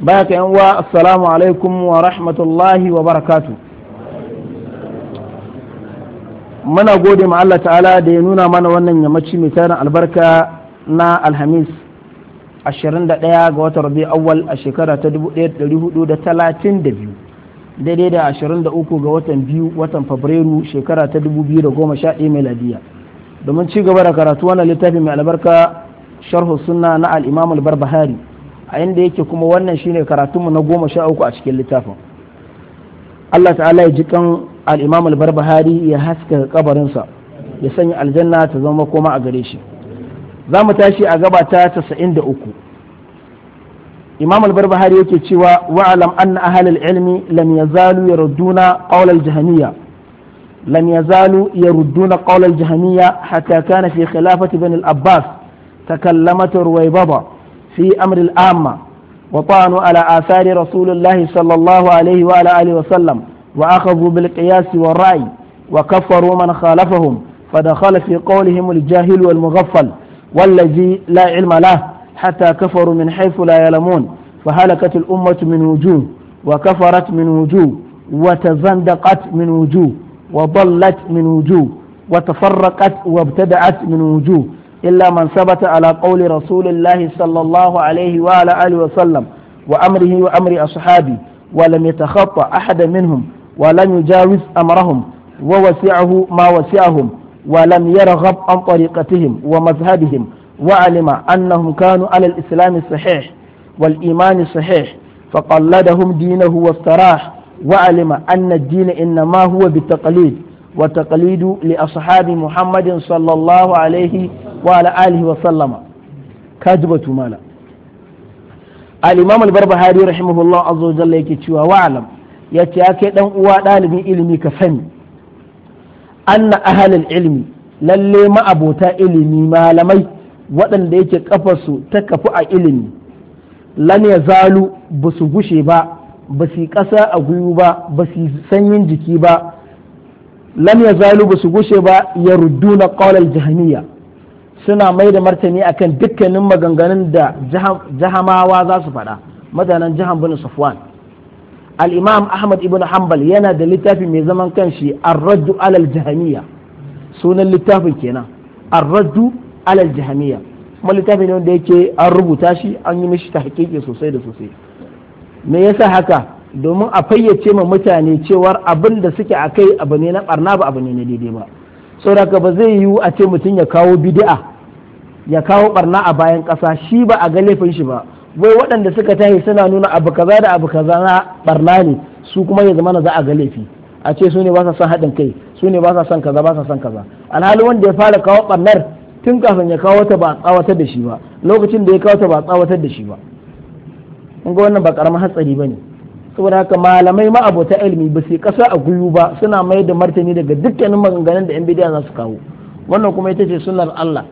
baya ka uwa assalamu alaikum wa rahmatullahi wa barakatu muna gode ma Allah ta'ala da ya nuna mana wannan yammaci mai tarin albarka na alhamis 21 ga watan rabi awwal a shekara ta 1432 daidai da 23 ga watan biyu watan fabrairu shekara ta 2011 meladiya domin ci gaba da karatu wannan littafi mai albarka sharhu sunna na al-imam al-barbahari a yanda yake kuma wannan shine karatunmu na goma sha uku a cikin littafin Allah ta'ala ya ji kan al-Imam al-Barbahari ya haska kabarinsa ya sanya aljanna ta zama koma a gare shi za mu tashi a gaba ta 93 Imam al-Barbahari yake cewa wa'alam anna al ilmi lam yazalu yarudduna qawl al-jahmiyya لم qawl al قول hatta kana fi khilafati خلافة al-abbas takallamat ruwaybaba في أمر الآمة وطعنوا على آثار رسول الله صلى الله عليه وعلى آله وسلم وأخذوا بالقياس والرأي وكفروا من خالفهم فدخل في قولهم الجاهل والمغفل والذي لا علم له حتى كفروا من حيث لا يعلمون فهلكت الأمة من وجوه وكفرت من وجوه وتزندقت من وجوه وضلت من وجوه وتفرقت وابتدعت من وجوه إلا من ثبت على قول رسول الله صلى الله عليه وعلى آله وسلم وأمره وأمر أصحابه ولم يتخطى أحد منهم ولم يجاوز أمرهم ووسعه ما وسعهم ولم يرغب عن طريقتهم ومذهبهم وعلم أنهم كانوا على الإسلام الصحيح والإيمان الصحيح فقلدهم دينه واستراح وعلم أن الدين إنما هو بالتقليد والتقليد لأصحاب محمد صلى الله عليه وعلى آله وسلم كذبة مالا الإمام البربهاري رحمه الله عز وجل يكتشوى وعلم يتأكد أن أواد من علمي كفن أن أهل العلم lalle ma'abota ilimi malamai waɗanda yake kafarsu ta kafu a ilimi lan ya zalu ba su gushe ba ba su ƙasa a gwiwu ba ba su sanyin jiki ba lam ya zalu ba su gushe ba ya na qawlal jahamiya. suna mai da martani akan dukkanin maganganun da jahamawa za su faɗa mutanen jahan bin safwan al-imam ahmad ibn hanbal yana da littafi mai zaman kanshi ar-raddu alal jahmiya sunan littafin kenan ar-raddu alal jahmiya kuma littafi ne wanda yake an rubuta shi an yi mishi tahqiqi sosai da sosai me yasa haka domin a fayyace ma mutane cewar abin da suke a kai abu ne na barna ba abu ne na daidai ba saboda ba zai yiwu a ce mutum ya kawo bidi'a ya kawo barna a bayan ƙasa shi ba a ga laifin shi ba wai waɗanda suka tahi suna nuna abu kaza da abu kaza na barna ne su kuma ya zama za a ga laifi a ce su ne ba sa son haɗin kai su ne ba sa son kaza ba sa son kaza alhali wanda ya fara kawo barnar tun kafin ya kawo ta ba a tsawatar da shi ba lokacin da ya kawo ta ba a tsawatar da shi ba in ga wannan ba ƙaramin hatsari ba ne saboda haka malamai ma'abota ilimi ba su kasa a guyu ba suna mai da martani daga dukkanin maganganun da yan bidiya za su kawo wannan kuma ita ce sunnar Allah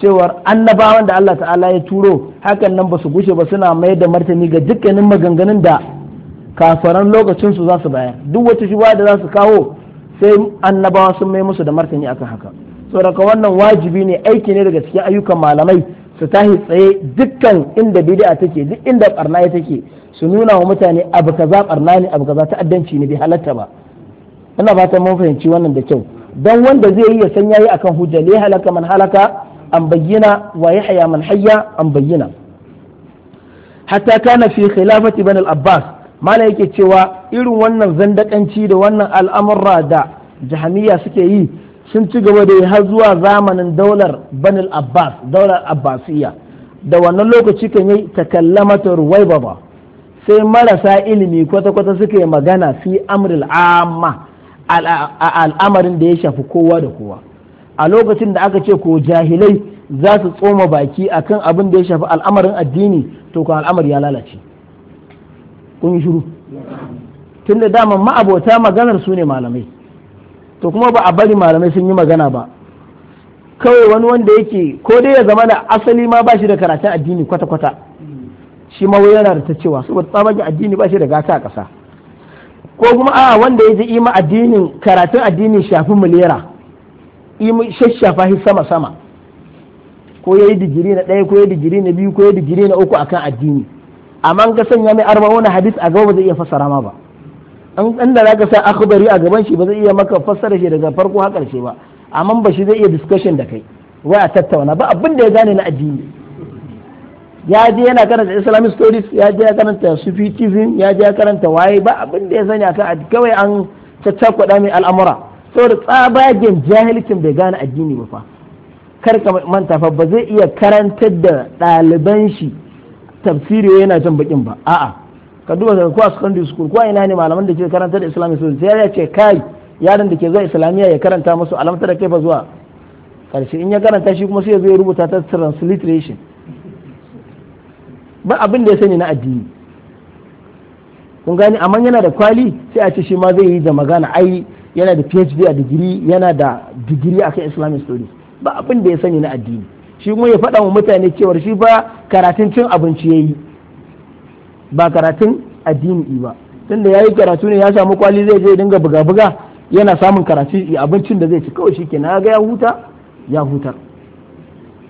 cewar annabawan da Allah ta'ala ya turo hakan nan ba su gushe ba suna mai da martani ga dukkanin maganganun da kafaran lokacin su za su bayar duk wata shuba da za su kawo sai annabawa sun mai musu da martani akan haka saboda wannan wajibi ne aiki ne daga cikin ayyukan malamai su tahi tsaye dukkan inda bid'a take duk inda barna take su nuna wa mutane abu kaza barna ne abu kaza ta'addanci ne bai halatta ba ina fatan mun fahimci wannan da kyau dan wanda zai yi ya san yayi akan hujja li halaka man halaka an bayyana wa yahya man hayya an bayyana hatta kana fi khilafati ibn al-abbas mala yake cewa irin wannan zandakanci da wannan al'amurra da jahamiya suke yi sun ci gaba da yi har zuwa zamanin daular banil abbas daular abbasiyya da wannan lokaci kan yi takallamata ruwaiba ba sai marasa ilimi kwata-kwata suka yi magana fi amril amma al'amarin da ya shafi kowa da kowa a lokacin da aka ce ko jahilai za su tsoma baki akan abin da ya shafi al'amarin addini to kan al'amar ya lalace kun yi shiru tun da dama ma'abota maganar su ne malamai to kuma ba a bari malamai sun yi magana ba kawai wani wanda yake ko dai ya zama na asali ma ba shi da karatun addini kwata-kwata shi ma wai yana da ta cewa saboda tsabagen addini ba shi da gata a ƙasa ko kuma a wanda ya ji ima addinin karatun addini shafi miliyara ima shashafa shi sama-sama ko ya yi digiri na ɗaya ko ya yi digiri na biyu ko ya yi digiri na uku akan addini amma ga sanya mai arba wani hadis a gaba ba zai iya fassara ma ba in da zaka sa akhbari a gaban shi ba zai iya maka fassara shi daga farko har karshe ba amma ba shi zai iya discussion da kai wai a tattauna ba abin da ya gane na addini ya je yana karanta islamic stories ya je ya karanta sufism ya je ya karanta waye ba abin da ya sani akan kawai an caccakwada mai al'amura saboda tsabagen jahilcin bai gane addini ba fa kar ka manta fa ba zai iya karantar da ɗaliban shi tafsiri yana jan bakin ba a'a ka duba da kuwa a secondary school ko ina ne malaman da ke karanta da islami sun sai ya ce kai yaron da ke zuwa islamiyya ya karanta musu alamta da kai fa zuwa karshe in ya karanta shi kuma sai ya zo ya rubuta ta transliteration ba abin da ya sani na addini kun gani amma yana da kwali sai a ce shi ma zai yi da magana ai yana da phd a digiri yana da digiri akan islamic studies ba abin da ya sani na addini shi kuma ya faɗa wa mutane cewar shi ba karatun cin abinci ya yi ba karatun addini ba ya yi karatu ne ya samu kwali zai je dinga buga buga yana samun karatu abincin da zai ci kawai shi shikenan ga ya huta ya hutar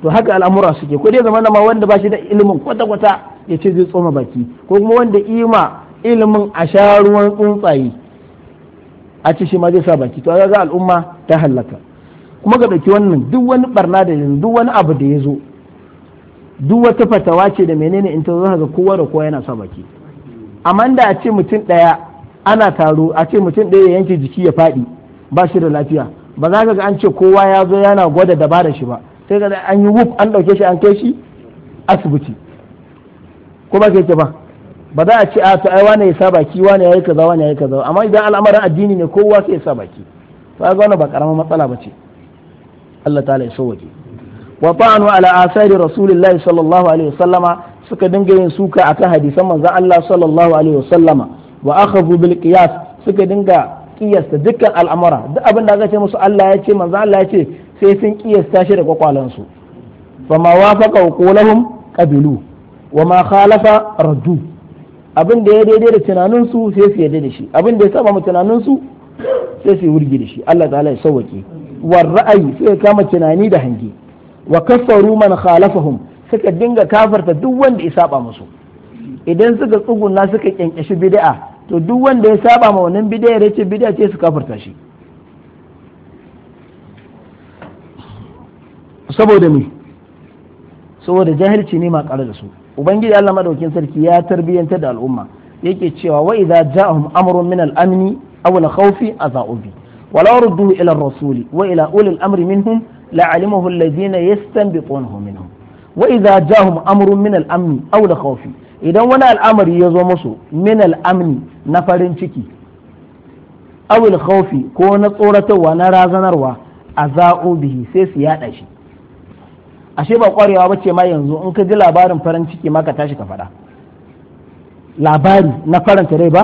to haka al'amura suke ko dai zaman ma wanda ba shi da ilimin kwata kwata ya ce zai tsoma baki ko kuma wanda ima ilimin a sha ruwan tsuntsaye a ci shi ma zai sa baki to ga al'umma ta hallaka kuma ga ɗauki wannan duk wani barna da yanzu duk wani abu da ya zo duk wata fatawa ce da menene in ta zo ga kowa da kowa yana sa baki amma da a ce mutum ɗaya ana taro a ce mutum ɗaya ya yanke jiki ya faɗi ba shi da lafiya ba za ka ga an ce kowa ya zo yana gwada da shi ba sai ga an yi wuf an ɗauke shi an kai shi asibiti ko ba ke ba ba za a ce a to ai wane ya sa baki wane ya yi kaza wane ya yi kaza amma idan al'amarin addini ne kowa sai ya sa baki to ai wannan ba karamar matsala ba ce Allah ta'ala ya so waje wa ta'anu ala asari rasulillahi sallallahu alaihi wasallama suka dinga yin suka akan hadisan manzon Allah sallallahu alaihi wasallama wa akhadhu bil qiyas suka dinga kiyasta dukkan al'amura duk abin da aka ce musu Allah ya ce manzon Allah ya ce sai sun kiyasta shi da kwakwalansu ma wafaqa qawluhum qabilu wa ma khalafa raddu abin da ya daidai da tunaninsu sai su yarda da shi abin da ya saba mu tunaninsu sai su yi wurgi da shi Allah ta'ala ya sauwake war ra'ayi sai kama tunani da hange wa kafaru man khalafahum suka dinga kafarta duk wanda ya saba musu idan suka tsuguna suka kyankyashi bid'a to duk wanda ya saba ma wannan bid'a ya ce bid'a ce su kafarta shi saboda me saboda jahilci ne ma ƙara da su ubangiji Allah madaukin sarki ya tarbiyyanta da al'umma yake cewa wa idza ja'ahum amrun min al-amni aw al-khawfi aza'u bi wa la ila ar-rasuli wa ila ulil amri minhum لعلمه الذين يستنبطونه منهم وإذا جاءهم أمر من الأمن أو الخوف إذا ونا الأمر يزومسو من الأمن نفرين شكي أو الخوف كون صورة ونرازن روا أزاؤوا به سيس يادشي ashe ba kwarewa ba ce ma yanzu in ka ji labarin farin ciki ma ka tashi ka faɗa labari na faranta rai ba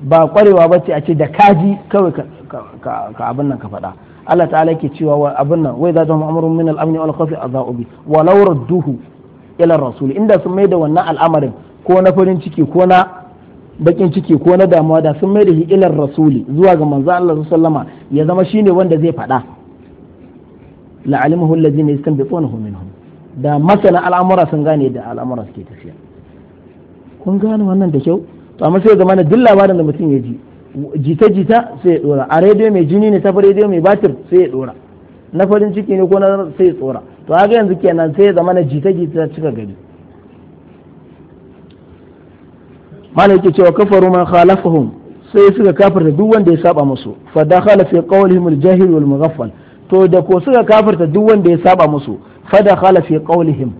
ba kwarewa ba ce a ce da kaji kawai ka abin nan ka faɗa Allah ta'ala ke cewa wa abin nan wai za ta amrun min al-amni wal khawfi adha'u bi wa law radduhu ila rasul inda sun mai da wannan al'amarin ko na farin ciki ko na bakin ciki ko na damuwa da sun mai da shi ila rasuli zuwa ga manzo Allah sallama ya zama shine wanda zai faɗa la'alimuhu alladhina yastanbitunahu minhum da masana al'amura sun gane da al'amura suke tafiya kun gane wannan da kyau to amma sai zama na duk labarin da mutum ya ji jita-jita sai ya tsora a rediyo mai jini ne ta rediyo mai batir sai ya tsora na farin ciki ne ko na sai ya tsora to haka yanzu kenan sai ya zama na jita-jita cika gari malam yake cewa kafaru man khalafahum sai suka kafarta duk wanda ya saba musu fa dakhala fi qawlihim al-jahil wal mughaffal to da ko suka kafarta duk wanda ya saba musu fa dakhala fi qawlihim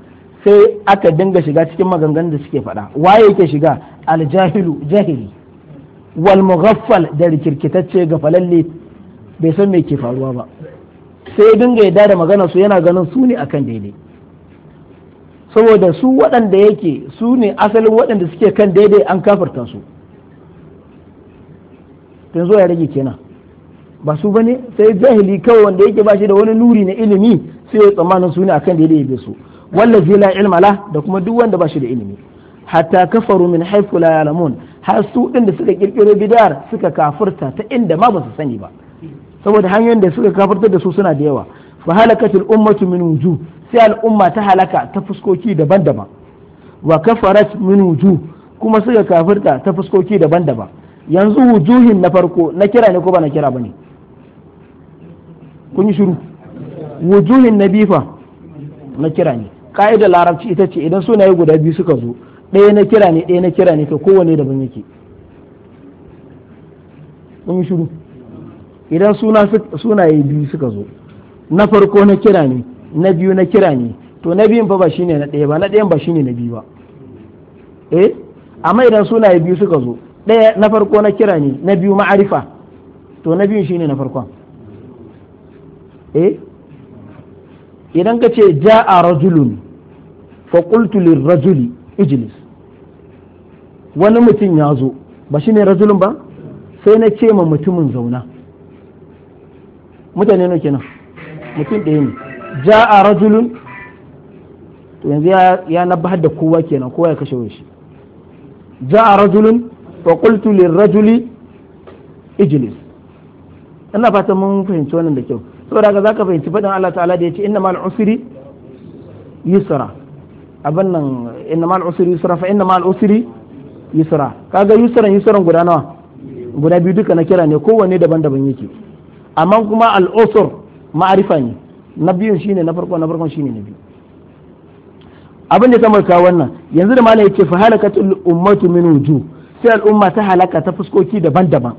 sai aka dinga shiga cikin maganganun da suke faɗa waye yake shiga al-jahilu jahili wal mughaffal da rikirkitacce ga falalle bai san me ke faruwa ba sai dinga yadda da magana su yana ganin su ne akan daidai saboda su waɗanda yake su ne asalin waɗanda suke kan daidai an kafarta su tun ya rage kenan ba su bane sai jahili kawai wanda yake ba shi da wani nuri na ilimi sai ya tsammanin su ne akan daidai bai su wallazi la ilma la da kuma duk wanda ba shi da ilimi hatta kafaru min haifu la har su ɗin da suka kirkiro bid'ar suka kafurta ta inda ma ba su sani ba saboda hanyoyin da suka kafurta da su suna da yawa fa halakatul ummatu min wuju sai al'umma ta halaka ta fuskoki daban-daban wa kafarat min wuju kuma suka kafurta ta fuskoki daban-daban yanzu wujuhin na farko na kira ne ko ba na kira bane kun yi shiru wujuhin na bifa na kira ne ka'idar larabci ita ce idan sunaye guda biyu suka zo ɗaya na kira ne ɗaya na kira ne to kowane daban yake mun shiru idan suna sunaye biyu suka zo na farko na kira ne na biyu na kira ne to na biyun fa ba shine na ɗaya ba na ɗayan ba shine na biyu ba eh amma idan sunaye biyu suka zo ɗaya na farko na kira ne na biyu ma'arifa to na biyun shine na farkon eh idan ka ce ja'a rajulun fa qultu lirrajuli ijilis wani mutum ya zo ba shi ne rajulun ba sai na ce ma mutumin zauna mutane ne kenan mutum ɗaya ne ja a rajulun to yanzu ya nabahar da kowa kenan kowa ya kashe shi ja a rajulun wa qultu rajuli ijlis ina fata mun fahimci wannan da kyau saboda haka zaka fahimci faɗin Allah ta'ala da yace innamal usri yusra abin nan inna mal usri yusra fa inna mal usri yusra kaga yusran yusran guda nawa guda biyu duka na kira ne kowanne daban-daban yake amma kuma al usr ma'arifa ne na biyun shine na farko na farkon shine na biyu abin da kamar kawo wannan yanzu da malai yace fa halakatul ummatu min wuju sai al'umma ta halaka ta fuskoki daban-daban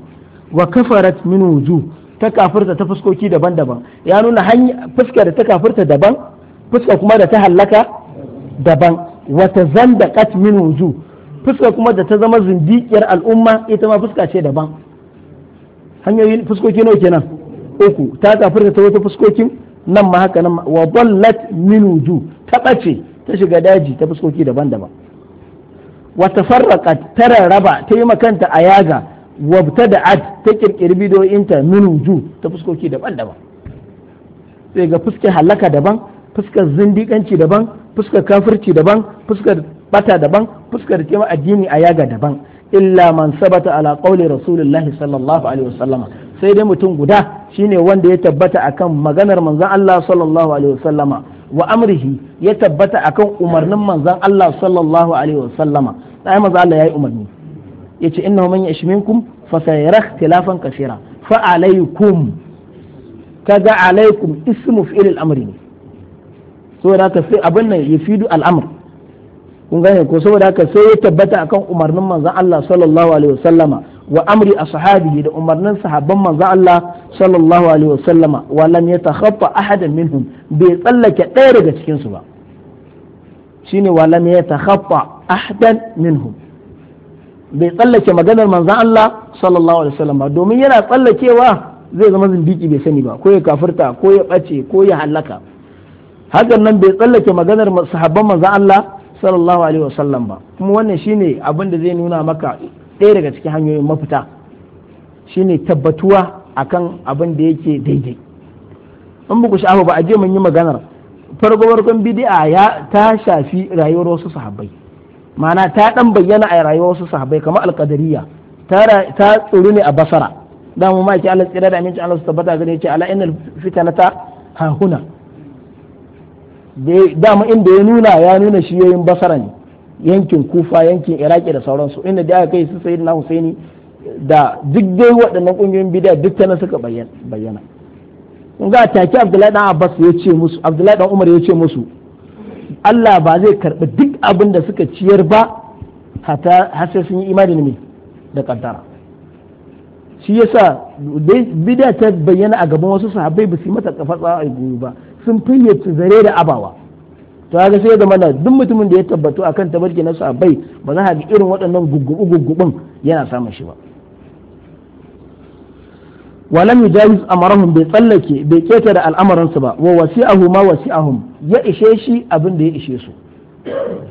wa kafarat min wuju ta kafirta ta fuskoki daban-daban ya nuna hanya fuska da ta kafirta daban fuska kuma da ta halaka daban wata kat min wuju fuska kuma da ta zama zindikiyar al'umma ita ma fuska ce daban hanyoyin fuskoki nawa kenan uku ta kafir ta wata fuskokin nan ma haka nan wa dallat min wuju ta bace ta shiga daji ta fuskoki daban-daban wa tafarraqat tara raba ta yi makanta a yaga wa btada'at ta kirkiri bidoyinta min wuju ta fuskoki daban-daban sai ga fuskar halaka daban fuskar zindikanci daban fuskar kafirci daban fuskar bata daban fuskar kima addini a yaga daban illa man sabata ala qawli rasulullahi sallallahu alaihi wasallama sai dai mutum guda shine wanda ya tabbata akan maganar manzon Allah sallallahu alaihi wasallama wa amrihi ya tabbata akan umarnin manzon Allah sallallahu alaihi wasallama sai manzon Allah yayi umarni yace innahu man yashminkum fa sayara ikhtilafan kaseera fa alaikum kaga alaikum ismu fi'il al-amri ne saboda haka sai abin nan ya fidu al'amur kun gane ko saboda haka sai ya tabbata akan umarnin manzan Allah sallallahu alaihi wasallama wa amri ashabihi da umarnin sahabban manzan Allah sallallahu alaihi wasallama wa lam yatakhaffa ahadan minhum bai tsallake ɗaya daga cikin su ba shine wa lam yatakhaffa ahadan minhum bai tsallake maganar manzan Allah sallallahu alaihi wasallama domin yana tsallakewa zai zama zindiki bai sani ba ko ya kafirta ko ya ɓace ko ya halaka hakan nan bai tsallake maganar sahabban manzan Allah sallallahu alaihi wasallam ba kuma wannan shine abin da zai nuna maka ɗaya daga cikin hanyoyin mafita shine tabbatuwa akan abin da yake daidai in buku shafa ba a je mun yi maganar farko farkon bid'a ya ta shafi rayuwar wasu sahabbai ma'ana ta dan bayyana a rayuwar wasu sahabbai kamar alqadariyya ta tsoro ne a basara da mu ma ki Allah tsira da aminci Allah su tabbata gare ce ala innal fitanata ha huna dama inda ya nuna ya nuna shiyoyin basara ne yankin kufa yankin iraki da sauransu inda da aka kai su sayi na husaini da duk dai waɗannan ƙungiyoyin bidiya duk ta suka bayyana in ga take abdullahi dan abbas ya ce musu abdullahi dan umar ya ce musu Allah ba zai karɓi duk abin da suka ciyar ba har sai sun yi imani ne da kaddara shi yasa bid'a ta bayyana a gaban wasu sahabbai ba su mata kafa tsawa a gobe ba sun fayyace zare da abawa to ga sai zama mana duk mutumin da ya tabbatu akan tabarki na bai ba za a ga irin waɗannan guggubu guggubun yana samun shi ba walam yujawiz amarahum bai tsallake bai keta da al'amuransu ba wa wasi'ahu ma wasi'ahum ya ishe shi abin da ya ishe su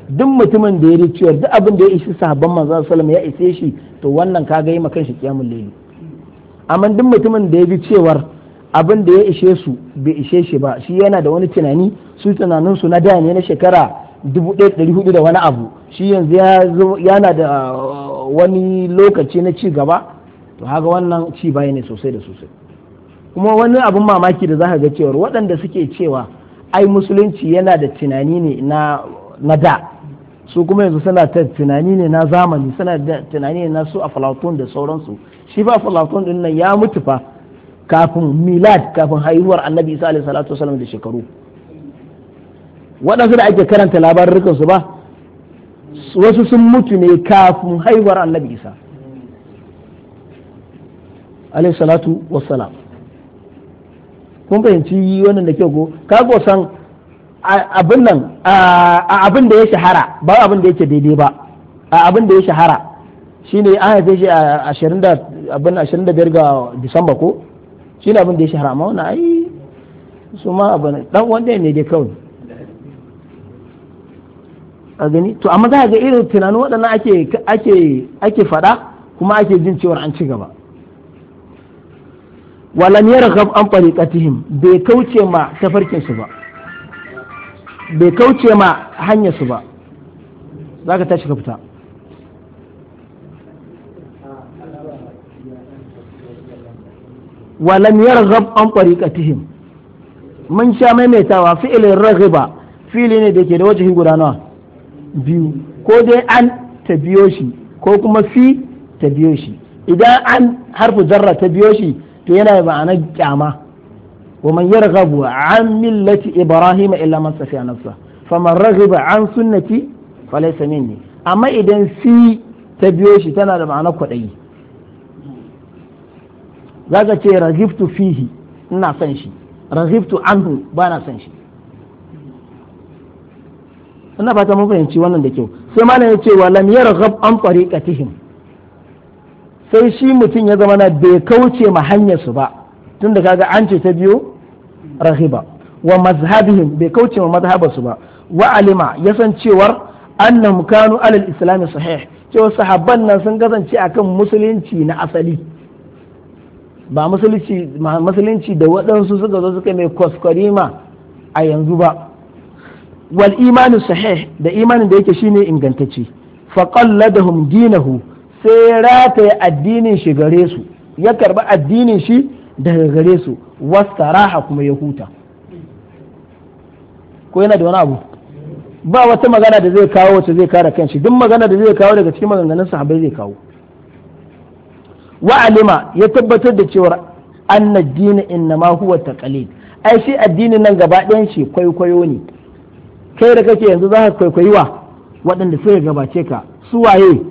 duk mutumin da ya yi duk abin da ya ishi sahabban manzon sallallahu ya ishe shi to wannan kaga yi kan shi kiyamul layli amma duk mutumin da ya bi cewar abin da ya ishe su bai ishe shi ba shi yana da wani tunani su tunanin su na da ne na shekara 1400 da wani abu shi yanzu yana da uh, wani lokaci na ci gaba to haka wannan ci baya ne sosai da sosai kuma wani abin mamaki da za ka ga cewa waɗanda suke cewa ai musulunci yana da tunani ne na na da su kuma yanzu suna ta tunani ne na zamani suna da tunani ne na su a falatun da sauransu shi ba falatun din nan ya mutu fa kafin milad kafin haihuwar annabi isa alaihi salatu wasallam da shekaru waɗansu da ake karanta labarin su ba wasu sun mutu ne kafin haihuwar annabi isa alaihi salatu wasalam kun fahimci wannan da kyau ko kago san abin nan a abin da ya shahara ba abin da yake daidai ba a abin da ya shahara shine an haife shi a 25 ga Disamba ko shi abin da ya shahara amma wani ai su ma abu ne dan wanda ne dai kawai a gani to amma za a ga irin tunanin waɗannan ake ake ake faɗa kuma ake jin cewar an ci gaba walam yarghab an tariqatihim bai kauce ma tafarkin su ba bai kauce ma hanyar su ba ka tashi ka fita walam yarghab an tariqatihim mun sha maimaita fi'ilin raghiba fi'ili ne da ke da wajihin guda biyu ko dai an ta ko kuma fi ta idan an harfu zarra ta biyo to yana ma'anar kyama wa man yarghabu an millati ibrahim illa man safiya nafsa faman raghiba an sunnati falaysa minni amma idan fi ta biyo tana da ma'anar kwaɗayi zaka ce raghibtu fihi ina son shi raghibtu anhu ba na son shi ina fata mun fahimci wannan da kyau sai malam ya ce wa lam yarghab an tariqatihim sai shi mutum ya zama na bai kauce ma hanyar su ba tun da kaga an ce ta biyo rahiba wa mazhabihim bai kauce ma mazhabar su ba wa alima ya san cewar annam kanu alal islami sahih cewa sahabban nan sun kasance akan musulunci na asali ba musulunci da waɗansu suka zo suka mai kwaskwarima a yanzu ba wal imanu sahih da imanin da yake shine ingantacce faqalladahum dinahu sai rataye addinin shi gare su ya karba addinin shi daga gare su wastaraha kuma ya huta ko yana da wani abu ba wata magana da zai kawo wacce zai kare kanshi duk magana da zai kawo daga cikin maganganun sahabbai zai kawo wa alima ya tabbatar da cewa anna dina innama huwa taqalid ai shi addinin nan gaba ɗayan shi kwaikwayo ne kai da kake yanzu za ka kwaikwayi wa waɗanda suka gabace ka su waye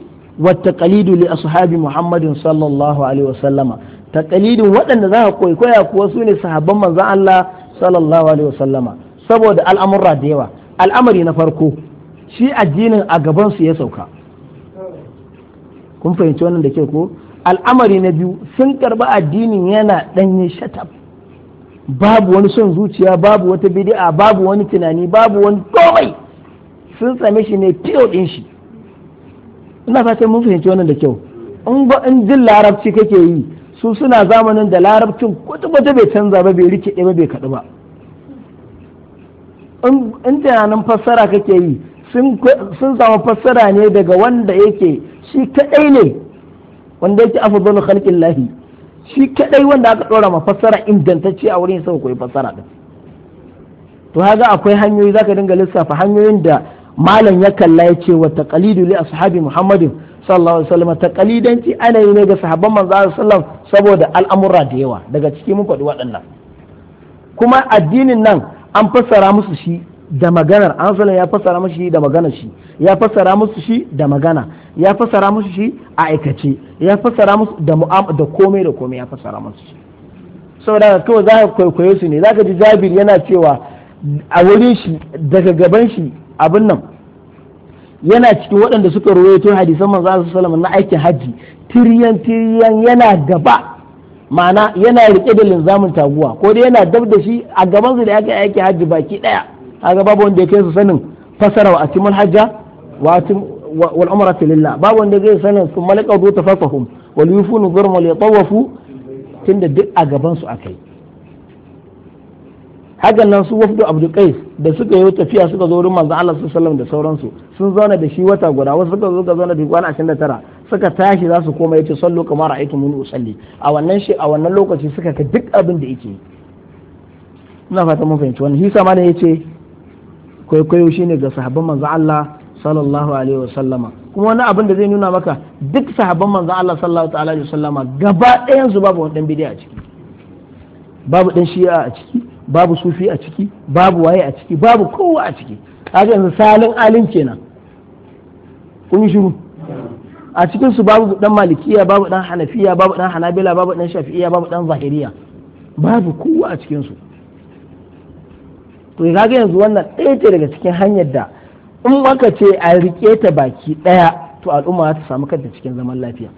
taqalidu li ashabi muhammadin sallallahu alaihi wasallama تقليد waɗanda za ka kwaikwaya kuwa su ne sahabban manzon Allah sallallahu alaihi wasallama saboda al'amurra da yawa al'amari na farko shi addinin a gaban su ya sauka kun fahimci wannan da ke ko al'amari na biyu sun karba addinin yana ɗanye shatab babu wani son zuciya babu wata bidi'a babu wani tunani babu wani komai sun same shi ne fiyo ɗin shi ina fatan mun fahimci wannan da kyau in in jin larabci kake yi su suna zamanin da larabcin kwata-kwata bai canza ba bai rike ba bai kaɗu ba in tunanin fassara kake yi sun samu fassara ne daga wanda yake shi kaɗai ne wanda yake afdalu khalqillahi shi kadai wanda aka dora ma fassara ingantacce a wurin sai koyi fassara din to haga akwai hanyoyi zaka dinga lissafa hanyoyin da malam ya kalla ya ce wa taqalidu li ashabi muhammadin sallallahu alaihi wasallam taqalidanci ana yi ne ga sahabban manzo sallallahu alaihi wasallam saboda al'amura da yawa daga ciki mun faɗi waɗannan kuma addinin nan an fassara musu shi da maganar an ya fassara musu shi da magana shi ya fassara musu shi da magana ya fassara musu shi a aikace ya fassara musu da da komai da komai ya fassara musu shi saboda kawai za ka kwaikwaye su ne za ka ji jabir yana cewa a wurin shi daga gaban shi abin nan yana cikin waɗanda suka rawaito hadisan manzo Allah sallallahu na aikin haji tiriyan tiriyan yana gaba ma'ana yana rike da linzamin taguwa ko dai yana dab da shi a gaban su da yake aiki haji baki daya kaga babu wanda ya kai su sanin fasara wa atimul hajja wa atim wal umra lillah babu wanda zai sanin su malaka ta fasahum wal yufunu dhurm wal yatawafu tunda duk a gaban su akai hakan nan su wafdu abdul qais da suka yi tafiya suka zo wurin manzo Allah sallallahu alaihi wasallam da sauransu sun zauna da shi wata guda wasu suka zo ga zauna da kwana 29 suka tashi za su koma yace sallu kamar ra'aytu mun usalli a wannan shi a wannan lokaci suka ka duk abin da yake ina fata mun fahimci wannan hisa ma ne yace kwaikwayo shine ga sahabban manzo Allah sallallahu alaihi wasallama kuma wani abin da zai nuna maka duk sahabban manzo Allah sallallahu alaihi wasallama gaba ɗayan su babu wani bid'a a ciki babu dan shi'a a ciki babu sufi a ciki babu waye a ciki babu kowa a ciki kaga yanzu salin alin kenan kun yi shiru a cikin su babu dan malikiya babu dan hanafiya babu dan hanabila babu dan shafi'iya babu dan zahiriya babu kowa a cikin su to ga yanzu wannan ɗaya ce daga cikin hanyar da in aka ce a rike ta baki ɗaya to al'umma za ta samu kanta cikin zaman lafiya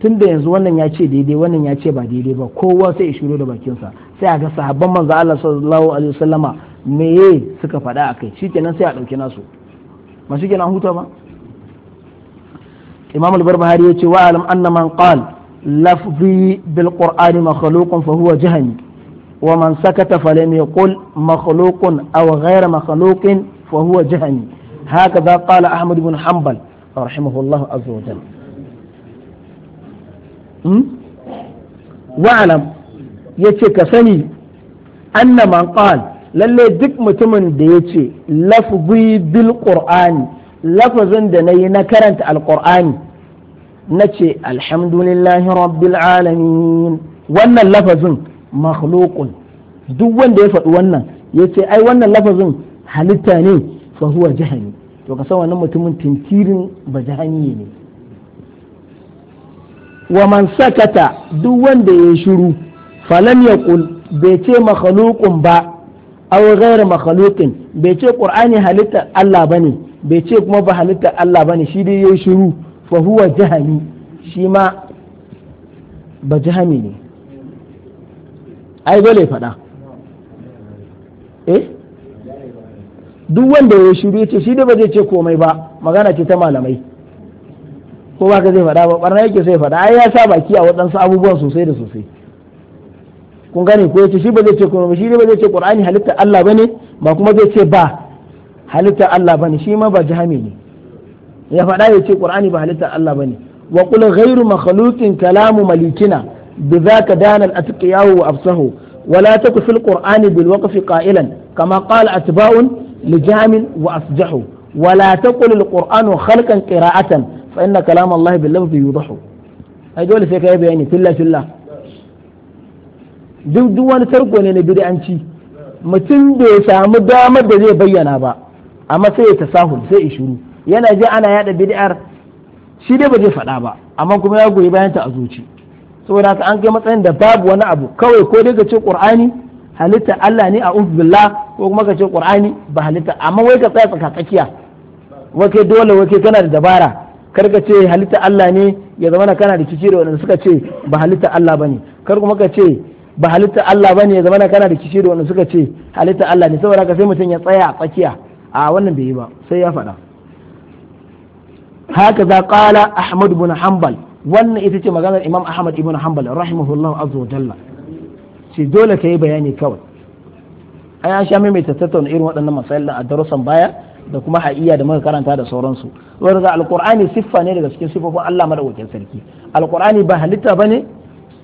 tunda yanzu wannan ya ce daidai wannan ya ce ba daidai ba kowa sai ya shiro da bakinsa sai a ga sahabban manzo Allah sallallahu alaihi wasallama meye suka faɗa a kai shikenan sai a ɗauki nasu ba shikenan huta ba imam al-barbahari yace wa alam anna man qala lafzi bil qur'ani makhluqun fa huwa jahannam ومن سكت فلم يقل مخلوق أو غير مخلوق فهو جهمي هكذا قال أحمد بن حنبل رحمه الله عز وجل واعلم يتك سني أن من قال lalle duk mutumin da yace ce lafzi bil qur'ani lafazin da na yi na karanta alqur'ani na ce alhamdulillahi rabbil wannan lafazin makhluqun duk wanda ya faɗi wannan ya ce ai wannan lafazin halitta ne fa huwa jahani to ka san wannan mutumin tintirin ba jahani ne wa man sakata duk wanda ya shiru falam yaqul bai ce makhluqun ba aw ghairu makhluqin bai ce qur'ani halitta Allah bane bai ce kuma ba halitta Allah bane shi dai ya shiru fa huwa jahani shi ma ba jahani ne ai dole ya faɗa eh duk wanda ya shiru ya ce shi da ba zai ce komai ba magana ce ta malamai ko ba ka zai faɗa ba ɓarna yake sai faɗa ai ya sa baki a waɗansu abubuwan sosai da sosai kun gane ko yace shi ba zai ce komai ba shi ba zai ce qur'ani halitta Allah ba ne ba kuma zai ce ba halitta Allah bane shi ma ba jihami ne ya faɗa ya ce qur'ani ba halitta Allah bane wa kula gairu makhluqin kalamu malikina بذاك دانا أتقياه وأفصه ولا تك في القرآن بالوقف قائلا كما قال أتباع لجام وأفجح ولا تقل القرآن خلقا قراءة فإن كلام الله باللفظ يوضح أي دول سيكا يبيني في الله في الله duk duk wani tarko ne na bid'anci mutum bai samu damar da zai bayyana ba amma sai ya tasahul sai ya shiru yana ji ana yaɗa bid'ar shi dai ba zai faɗa ba amma kuma ya goyi a zuci saboda haka an kai matsayin da babu wani abu kawai ko dai ka ce qur'ani halitta Allah ne a billah ko kuma ka ce qur'ani ba halitta amma wai ka tsaya tsaka tsakiya wai kai dole wai kai kana da dabara kar ka ce halitta Allah ne ya zama kana da kici da wanda suka ce ba halitta Allah bane kar kuma ka ce ba halitta Allah bane ya zama kana da kici da wanda suka ce halitta Allah ne saboda haka sai mutum ya tsaya a tsakiya a wannan bai yi ba sai ya faɗa haka za qala ahmad bin hambal. wannan ita ce maganar imam ahmad ibn hanbal rahimahullah azza wa jalla ce dole ka yi bayani kawai ai an sha maimaita tattauna irin waɗannan masail a darussan baya da kuma ha'iya da muka karanta da sauransu wanda ga alqur'ani siffa ne daga cikin siffofin Allah madaukakin sarki alqur'ani ba halitta bane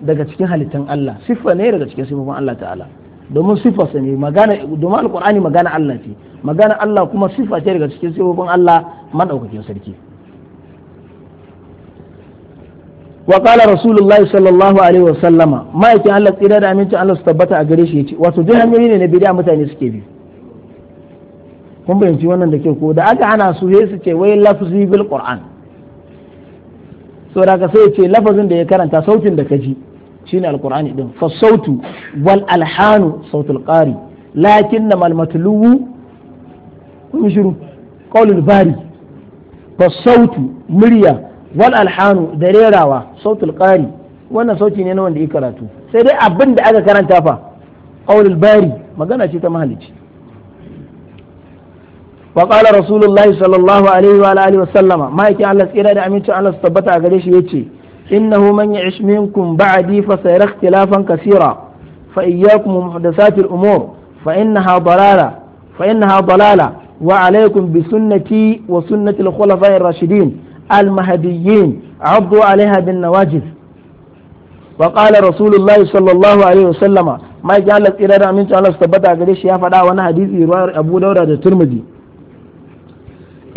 daga cikin halittan Allah siffa ne daga cikin siffofin Allah ta'ala domin siffa ne magana domin alqur'ani magana Allah ce magana Allah kuma siffa ce daga cikin siffofin Allah madaukakin sarki wa qala rasulullahi sallallahu alaihi wa sallama ma'aikin Allah tsira da amincin Allah su tabbata a gare shi yace wato duk hanyoyi ne na bid'a mutane suke bi kun bayanci wannan da ke ko da aka ana su sai suke ce wai lafzi bil qur'an saboda ka sai ce lafazin da ya karanta sautin da ka ji shine alqur'ani din fa sautu wal alhanu sautul qari lakinna mal matlubu kun shiru qaulul bari fa sautu murya wal alhanu da rerawa sautul qari wannan sauti ne na wanda ya karatu sai dai abin da aka karanta fa qaulul bari magana ce ta mahalici wa qala rasulullahi sallallahu alaihi wa alihi wa sallama ma yake Allah tsira da amincin Allah su tabbata gare shi yace innahu man ya'ish minkum ba'di fa sayara ikhtilafan kaseera fa iyyakum muhdathatil umur fa innaha dalala fa innaha dalala wa alaykum bi sunnati wa sunnati al-khulafa'ir rashidin المهديين عضوا عليها بالنواجذ وقال رسول الله صلى الله عليه وسلم ما جعل الإرادة من جعل استبدع قديش يا فدا وانا حديث رواه أبو داود الترمذي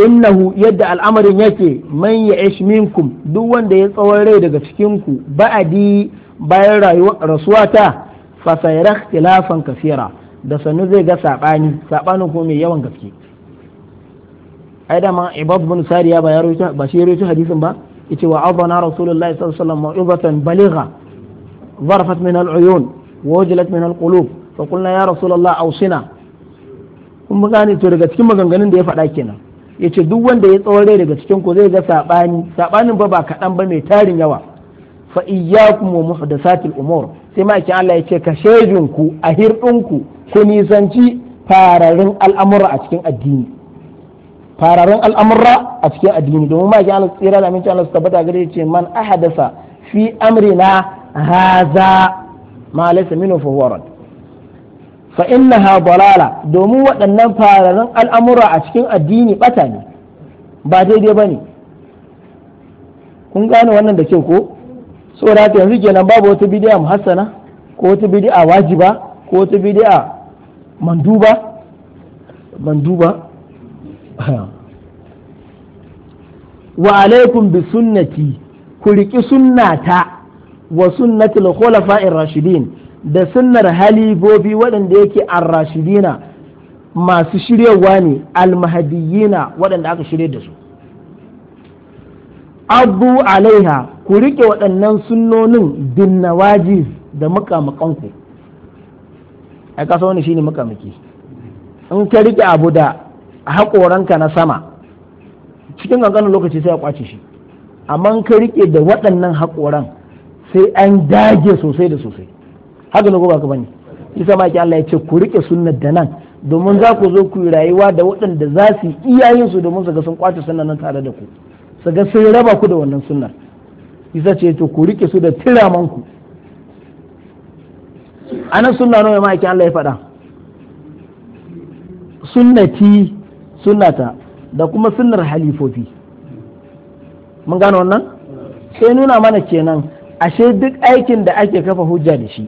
innahu yadda al'amarin yake man ya minkum duk wanda ya yi tsawon rai daga ku ba'adi bayan rasuwata fa sayara ikhtilafan kasira da sannu zai ga saɓani sabanin kuma mai yawan gaske ai dama ibad bin sariya ba ya ba shi ya rawaito hadisin ba yace wa adana rasulullahi sallallahu alaihi wasallam mau'izatan baligha zarfat min al-uyun wajilat min al fa qulna ya rasulullah awsina kun mu gane to daga cikin maganganun da ya faɗa kenan yace duk wanda ya tsore daga cikin ku zai ga sabani sabanin ba ba kaɗan ba mai tarin yawa fa iyyakum wa muhdathatil umur sai ma Allah yace ka shejun ku a hirdunku ku nisanci fararin al'amura a cikin addini fararen al'amurra a cikin addini domin ma Allah tsira da aminci Allah su tabbata gare ce man ahadasa fi amrina haza ma laysa minhu fa huwa rad fa innaha dalala domin waɗannan fararen al'amura a cikin addini bata ne ba daidai bane kun gane wannan da kyau ko saboda ta yanzu kenan babu wata bid'a muhassana ko wata bid'a wajiba ko wata bid'a manduba manduba wa alaikum bi sunnati ku riƙi sunnata wa sunnatul in rashidin da sunnar halibobi waɗanda yake ar-rashidina masu shiryawa ne al-mahdiyina waɗanda aka shirye da su abu alaiha ku riƙe waɗannan sunnonin bin nawaji da makamakanku ai kasa wani shine makamaki in ka riƙe abu da haƙoranka na sama cikin kankanin lokaci sai a kwace shi amma in ka rike da waɗannan haƙoran sai an dage sosai da sosai haka ne ba ka bane isa ma Allah ya ce ku rike sunnar da nan domin za ku zo ku yi rayuwa da waɗanda za su iyayen su domin su ga sun kwace sunnar nan tare da ku su ga sun raba ku da wannan sunnar isa ce to ku rike su da tiramanku anan sunna nawa ma Allah ya faɗa sunnati sunnata da kuma sunnar halifofi mun gano wannan sai nuna mana kenan ashe duk aikin da ake kafa hujja da shi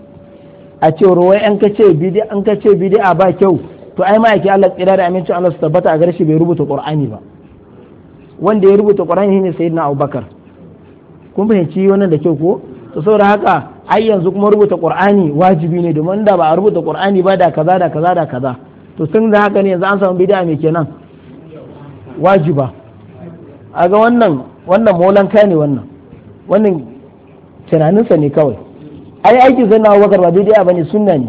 a ce ruwai an ka ce bidi an ka ce bidi a ba kyau to ai ma ake Allah tsira da aminci Allah su tabbata a garshi bai rubuta Qur'ani ba wanda ya rubuta Qur'ani ne sayyidina Abubakar kun fahimci wannan da kyau ko to saboda haka ai yanzu kuma rubuta Qur'ani wajibi ne domin da ba a rubuta Qur'ani ba da kaza da kaza da kaza to sun da haka ne yanzu an samu bid'a mai kenan wajiba a ga wannan wannan molanka ne wannan wannan tunaninsa ne kawai ai aiki zanna wakar ba daidai ba ne sunna ne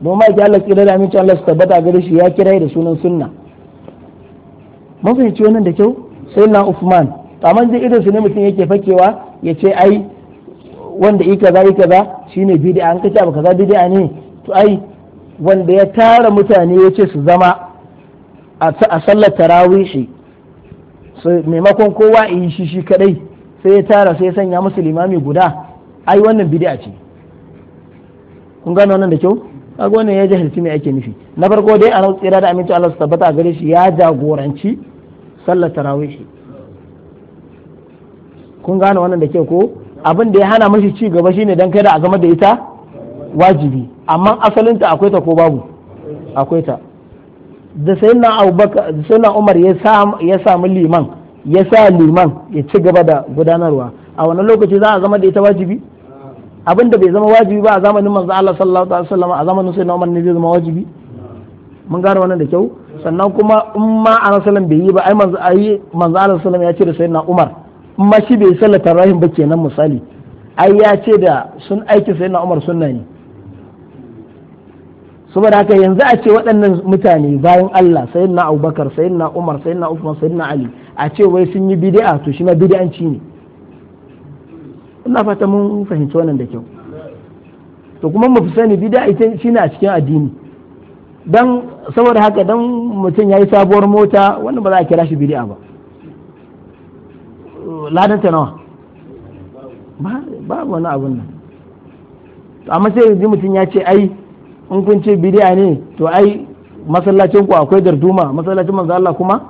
don ma ki Allah kira da amince Allah su tabbata gare shi ya kira da sunan sunna mun fahimci wannan da kyau sai na Uthman amma zai irin su ne mutum yake fakewa ya ce ai wanda yi kaza yi kaza shine bid'a an kace abu kaza bid'a ne to ai wanda ya tara mutane ya ce su zama a sallar tarawihi maimakon kowa in yi shi shi kadai sai ya tara sai ya sanya musu limami guda ai wannan bid'a ce kun gano wannan da kyau kaga wannan ya jahilci me ake nufi na farko dai a tsira da aminci Allah su tabbata a gare shi ya jagoranci sallar tarawih kun gano wannan da kyau ko abin da ya hana mashi ci gaba shine dan da a zama da ita wajibi amma asalinta akwai ta ko babu akwai ta da sayyidina abubakar da sayyidina umar ya samu liman ya sa liman ya ci gaba da gudanarwa a wani lokaci za a zama da ita wajibi abinda bai zama wajibi ba a zamanin manzo Allah sallallahu alaihi wasallam a zamanin sayyidina umar ne zai zama wajibi mun gane wannan da kyau sannan kuma in ma a sallam bai yi ba ai manzo ai manzo Allah sallam ya ce da sayyidina umar in ma shi bai sallata rahim ba kenan misali ai ya ce da sun aiki sayyidina umar sunna ne saboda haka yanzu a ce waɗannan mutane bayan Allah na Abubakar na Umar na Uthman na Ali a ce wai sun yi bid'a to shi ma bid'anci ne ina fata mun fahimci wannan da kyau to kuma mu sani bid'a ita shine a cikin addini dan saboda haka dan mutum yayi sabuwar mota wannan ba za a kira shi bid'a ba ladan ta nawa ba wani abun nan amma sai yanzu mutum ya ce ai in kun ce bidiya ne to ai masallacin ku akwai darduma masallacin manzo Allah kuma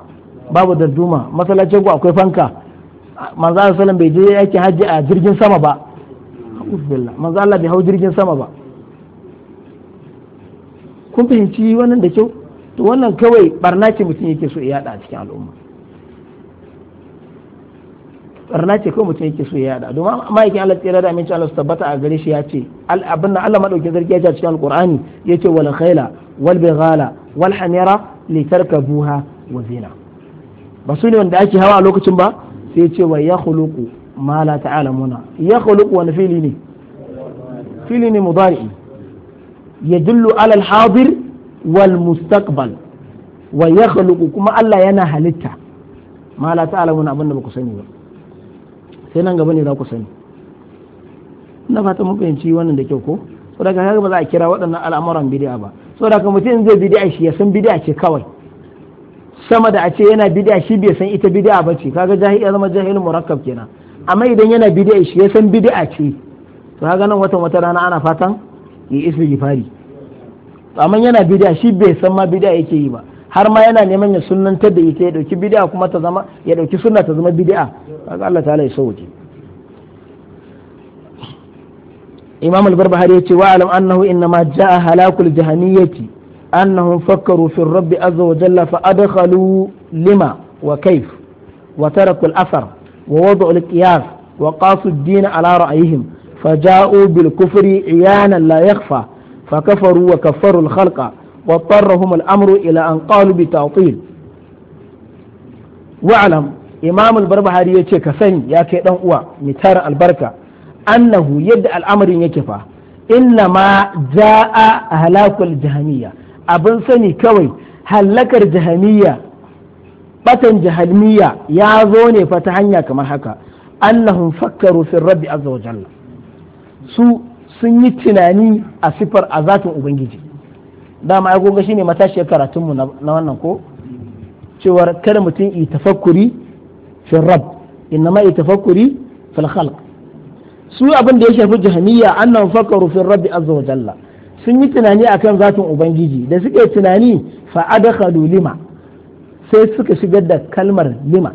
babu darduma masallacin ku akwai fanka manzo Allah sallallahu bai je yake haji a jirgin sama ba billah manzo Allah bai hau jirgin sama ba kun fahimci wannan da kyau to wannan kawai barna ce mutum yake so ya yada a cikin al'umma barna ce kawai mutum yake so ya yada domin ma'aikin Allah tsira da aminci Allah su tabbata a gare shi ya ce abin da Allah madaukin sarki ya ce cikin alqur'ani ce wal khaila wal bighala wal hamira litarkabuha wa zina ba su ne wanda ake hawa a lokacin ba sai ya ce wa khuluqu ma la ta'lamuna yakhluqu wani fili ne fili ne mudari yadullu ala al hadir wal mustaqbal wa khuluqu kuma Allah yana halitta ma la ta'lamuna abin da ba ku sani ba sai nan gaba ne za ku sani na fata mu fahimci wannan da kyau ko saboda kaga ba za a kira waɗannan al'amuran bid'a ba saboda ka mutum zai bid'a shi ya san bid'a ce kawai sama da a ce yana bid'a shi bai san ita bid'a ba ce kaga jahil ya zama jahilin murakkab kenan amma idan yana bid'a shi ya san bid'a ce to kaga nan watan wata rana ana fatan ya isa fari amma yana bid'a shi bai san ma bid'a yake yi ba har ma yana neman ya sunnantar da ita ya dauki bid'a kuma ta zama ya dauki sunna ta zama bid'a kaga Allah ta'ala ya sauke Imam al-Barbahari yace wa alam annahu innama jaa halakul jahaniyyati annahum fakkaru fi rabbi azza wa jalla fa adkhalu lima wa kayf wa taraku al-athar wa wada'u al-qiyas wa qasu ad-din ala ra'yihim فجاءوا بالكفر عيانا لا يخفى فكفروا وكفروا الخلق واضطرهم الامر الى ان ya بتعطيل واعلم امام البربهاري يجي كسن يا كي دان اوا البركه انه يد الامر يكفى انما جاء اهلاك الجهميه abin sani kawai hallakar jahaniya batan jahalmiya ya zo ne fa ta hanya kamar haka annahum fakkaru fi rabbi azza su sun yi tunani a sifar azatin ubangiji dama ai goga shine matashiyar karatunmu na wannan ko cewar kada mutum yi tafakkuri fi rabb innama yi tafakkuri fil khalq su abin da ya shafi jahmiya annan fakaru fi rabb azza wa jalla sun yi tunani akan zatin ubangiji da suke tunani fa adkhalu lima sai suka shigar da kalmar lima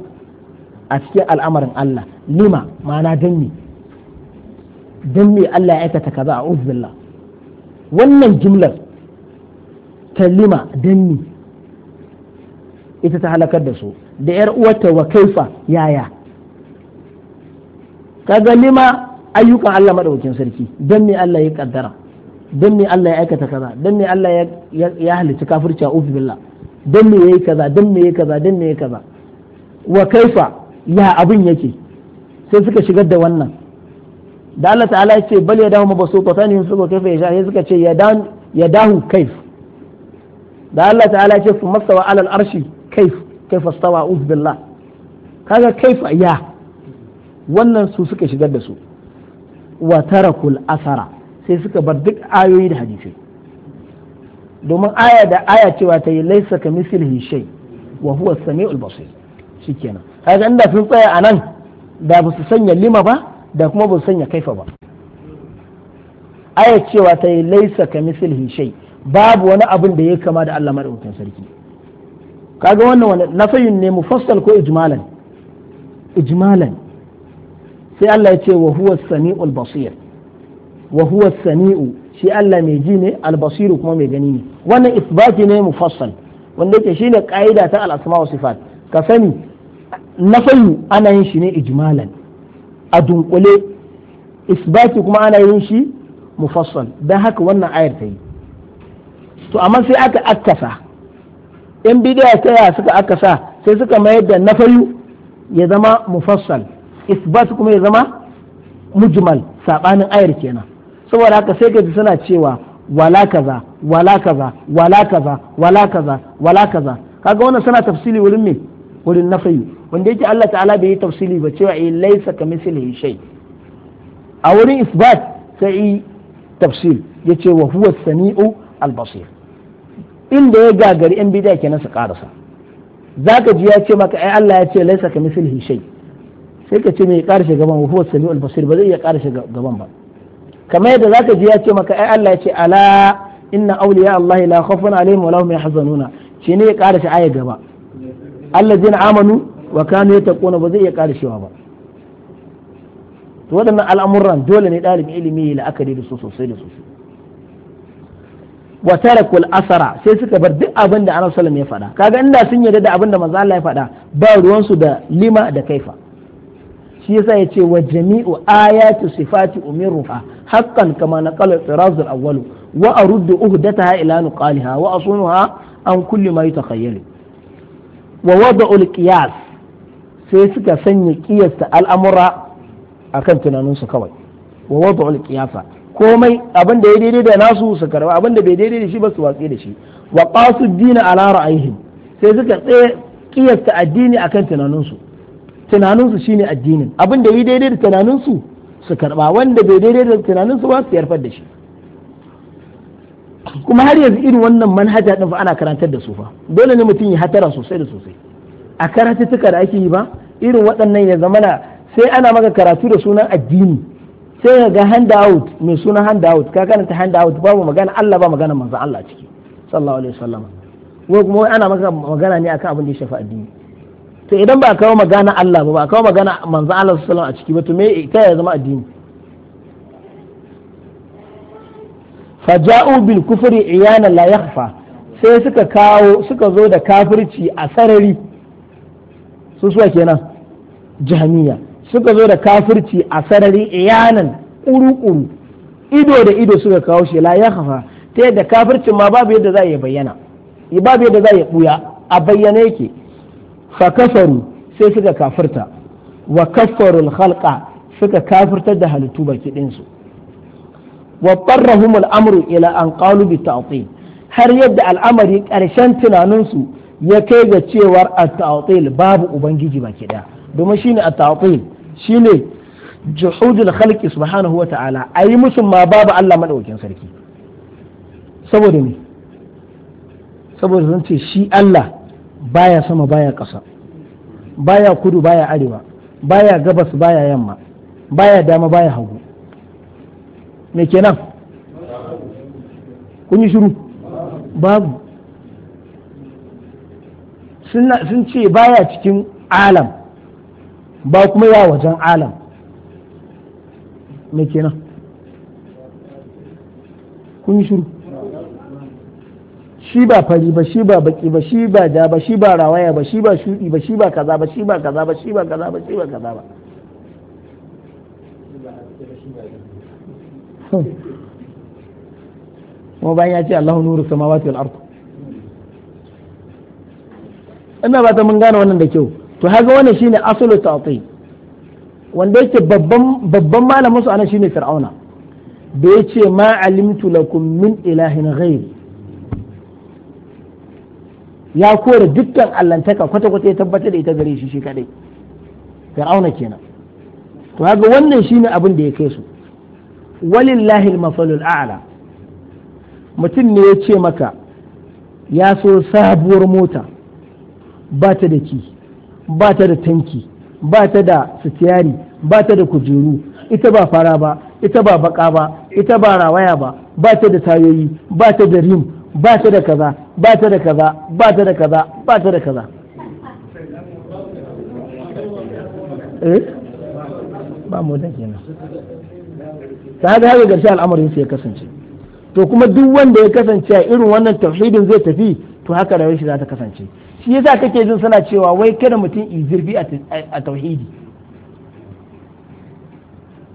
a cikin al'amarin Allah lima ma'ana dan me dan me Allah ya aikata kaza a uzbillah wannan jimlar. Kalima dan ni ita ta halakar da su da yar uwarta wa kaifa yaya ga lima ayyukan Allah madaukakin sarki dan ni Allah ya kaddara dan ni Allah ya aikata kaza dan ni Allah ya halitta kafirci a ufi billah dan me yayi kaza dan me yayi kaza dan me yayi kaza wa kaifa ya abin yake sai suka shigar da wannan da Allah ta'ala ya ce bal ya dahu mabasuta tani suka kaifa ya suka ce ya dahu kaif da Allah ta'ala ce su mastawa alal arshi kaif kaifa stawa uzbillah kaga kaifa ya wannan su suka shigar da su wa tarakul asara sai suka bar duk ayoyi da hadisai domin aya da aya cewa ta yi laisa ka mislihi shay wa huwa samiul basir shikenan kaga inda sun tsaya anan da ba su sanya lima ba da kuma ba su sanya kaifa ba aya cewa ta yi laisa ka mislihi shay babu wani abin da ya kama da Allah madaukakin sarki kaga wannan wani nafayin ne mufassal ko ijmalan ijmalan sai Allah ya ce wa huwa sami'ul basir wa huwa sami'u shi Allah mai ji ne al-basir kuma mai gani ne wannan isbati ne mufassal wanda yake shine ka'ida ta al-asma wa sifat ka sani nafayi ana yin shi ne ijmalan a dunkule isbati kuma ana yin shi mufassal dan haka wannan ayar ta yi to amma sai aka akasa in bidiya ta ya suka akasa sai suka mayar da nafayu ya zama mufassal isbat kuma ya zama mujmal sabanin ayar kenan saboda haka sai kaji suna cewa wala kaza wala kaza wala kaza wala kaza wala kaza kaga wannan suna tafsili wurin me wurin nafayu wanda yake Allah ta'ala bai yi tafsili ba cewa eh laisa kamithlihi shay a wurin isbat sai tafsil yace wa huwa samiu al-basir inda ya gagari yan bid'a kenan su karasa za ka ji ya ce maka ai Allah ya ce laisa ka mislihi shay sai ka ce me ya karshe gaban wa huwa samiul basir ba zai iya karshe gaban ba kamar yadda ka ji ya ce maka ai Allah ya ce ala inna awliya Allah la khawfun alaihim wa lahum yahzanuna ne ya karshe aya gaba allazina amanu wa kanu yattaquna ba zai iya karshewa ba to waɗannan al'amuran dole ne ɗalibin ilimi la la'akari da su sosai da sosai wa tarakul asara sai suka bar duk abin da Annabi sallallahu ya faɗa kaga inda sun yarda da abin da manzo Allah ya faɗa ba ruwansu da lima da kaifa shi yasa yace wa jami'u ayatu sifati umiruha haqqan kama naqala al-tiraz al-awwal wa aruddu uhdataha ila nuqaliha wa asunuha an kulli ma yatakhayyalu wa wada'u al-qiyas sai suka sanya ƙiyasta al'amura akan tunaninsu kawai wa wada'u al-qiyasa komai abin da ya daidai da nasu su karba abin da bai daidai da shi ba su watsi da shi wa qasu dina ala ra'ayhim sai suka tsaye kiyasta addini akan tunaninsu tunaninsu shine addinin abin da ya daidai da tunaninsu su karba wanda bai daidai da tunaninsu ba su yarfar da shi kuma har yanzu irin wannan manhaja din fa ana karantar da su fa dole ne mutum ya hatara sosai da sosai a tuka da ake yi ba irin waɗannan ya zamana sai ana maka karatu da sunan addini sai ga out mai suna out ka hand out babu magana Allah ba magana manzon Allah ciki sallallahu alaihi wasallam ko kuma ana maka magana ne akan abin da ya shafi addini to idan ba kawo magana Allah ba ba kawo magana manzon Allah sallallahu alaihi wasallam a ciki ba to me ta ya zama addini faja'u bil kufri iyana la yakhfa sai suka kawo suka zo da kafirci a sarari su suwa kenan jahamiya suka zo da kafirci a sarari iyanan kuru-kuru ido da ido suka kawo shi la ya hafa ta yadda kafircin ma babu yadda za ya bayyana babu yadda za ya buya a bayyana yake fa kafaru sai suka kafirta wa kafarul halka suka kafirtar da halittu baki ɗinsu wa qarrahum amru ila an qalu bi ta'til har yadda al'amari ƙarshen tunaninsu ya kai ga cewar at-ta'til babu ubangiji baki ɗaya domin shine at-ta'til shine juhudul khalqi subhanahu wa ta'ala ayi musu ma babu Allah madaukin sarki saboda ne saboda zan ce shi Allah baya sama baya ƙasa baya kudu baya arewa baya gabas baya yamma baya dama baya hagu me kenan kun yi shiru babu sun ce baya cikin alam ba kuma ya wajen alam me kenan kun yi shiru shi ba fari ba shi ba baki ba shi ba ja ba shi ba rawaya ba shi ba shudi ba shi ba kaza ba shi ba kaza ba shi ba kaza ba shi ba kaza ba kuma bayan ya ce Allahu nuru samawati wal ard ina ba ta mun gane wannan da kyau to haka wannan shine asalu ta'til wanda yake babban babban malamin su anan shine fir'auna da yace ma alimtu lakum min ilahin ghairi ya kore dukkan allantaka kwata kwata ya tabbatar da ita gare shi shi kadai fir'auna kenan to haka wannan shine abin da ya kai su walillahi al masalul a'la mutum ne ya ce maka ya so sabuwar mota ba ta da ki ba ta da tanki ba ta da sitiyari ba ta da kujeru ita ba fara ba ita ba baka ba ita ba rawaya ba ba ta da tayoyi ba ta da rim ba ta da kaza ba ta da kaza ba ta da kaza ba ta da kaza eh? ba mu da kenan ta haka haka garshe al'amarin sai ya kasance to kuma duk wanda ya kasance a irin wannan tauhidin zai tafi to haka rayuwar shi za ta kasance shi yasa kake jin suna cewa wai kada mutum yi zurfi a tauhidi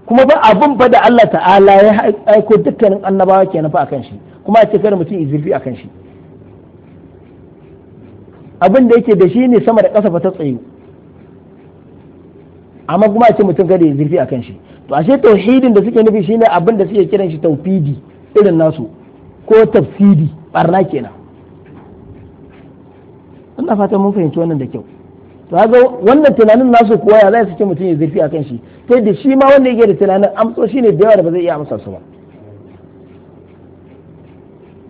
kuma ba abun ba da Allah ta'ala ya aiko dukkanin annabawa ke nufa fa kan shi kuma ce kada mutum yi zurfi kan shi abin da yake da shi ne sama da ƙasa fa ta amma kuma ce mutum kada ya yi zurfi kan shi to ashe tauhidin da suke nufi shine abin da suke kiran shi tauhidi irin nasu ko tafsidi barna kenan ina fatan mun fahimci wannan da kyau to ga wannan tunanin nasu kuwa ya zai sake mutum ya zurfi a kan shi sai da shi ma wanda yake da tunanin amso ne da yawa da ba zai iya amsa su ba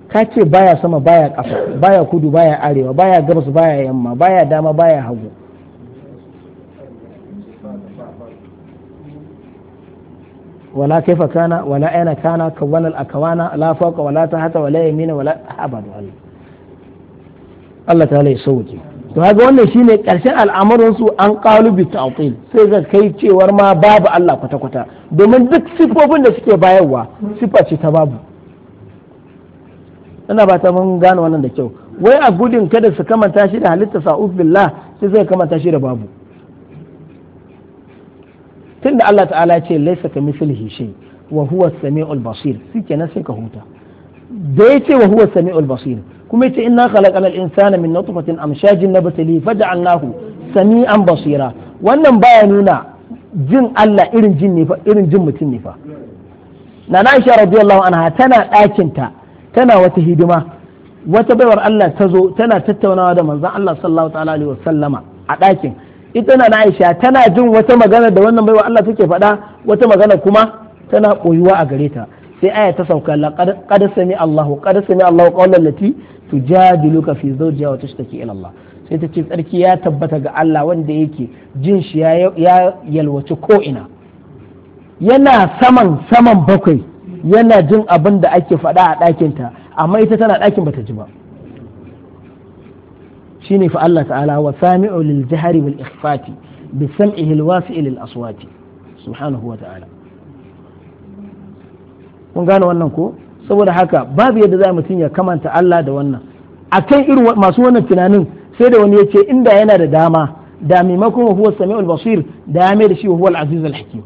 ka ce baya sama baya ƙasa baya kudu baya arewa baya gabas baya yamma baya dama baya hagu wala kaifa kana wala aina kana kawana akawana la faqa wala tahta wala yamina wala abadu Allah Allah ta ya sauke to haka wannan shine karshen al'amarin su an qalu bi ta'til sai ga kai cewar ma babu Allah kwata kwata domin duk sifofin da suke bayarwa sifa ce ta babu ina ba ta mun gane wannan da kyau wai a gudun kada su kamanta shi da halitta sa'uf billah sai zai kamanta shi da babu tunda Allah ta'ala ce laisa ka mislihi shay wa huwa as-sami'ul basir shikenan sai ka huta da yace wa huwa as-sami'ul basir kuma yace inna khalaqal insana min nutfatin amshajin nabtali faj'alnahu sami'an basira wannan baya nuna jin Allah irin jin ne fa irin jin mutum ne fa nana Aisha radiyallahu anha tana ɗakinta tana wata hidima wata baiwar Allah ta zo tana tattaunawa da manzon Allah sallallahu ta'ala alaihi wasallama a ɗakin ita Nana Aisha tana jin wata magana da wannan baiwar Allah take faɗa wata magana kuma tana koyuwa a gare ta sai aya ta sauka qad sami Allahu qad sami Allahu qawlan lati tujadiluka fi zawjiha wa tashtaki ila Allah sai ta ce tsarki ya tabbata ga Allah wanda yake jin shi ya yalwaci ko ina yana saman saman bakwai yana jin abin da ake faɗa a ɗakinta amma ita tana ɗakin bata ji ba shine fa Allah ta'ala wa sami'u lil jahri wal ikhfati bi sam'ihi al wasi'il al aswati subhanahu wa ta'ala kun gane wannan ko saboda haka babu yadda za mutum ya kamanta Allah da wannan akan irin masu wannan tunanin sai da wani ya ce inda yana da dama da maimakon wa huwa sami'ul basir da ya mai da shi wa huwa al-aziz al-hakim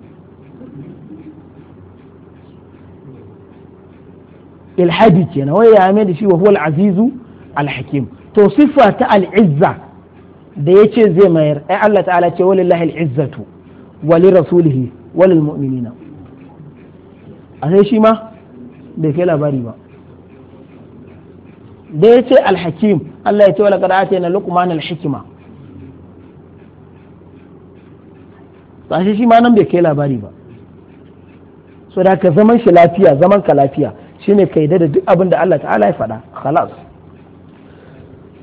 ilhadi kenan wai ya mai da shi wa huwa al-aziz al-hakim to siffata ta al-izza da yace zai mayar ai Allah ta'ala ce walillahi al-izzatu wa li rasulihi wa lil mu'minina a sai shi ma bai kai labari ba da ya ce alhakim Allah ya ce wala kada ake na lukman alhikima ba shi shi ma nan bai kai labari ba so da ka zaman shi lafiya zaman ka lafiya shine ka da duk abin da Allah ta'ala ya faɗa khalas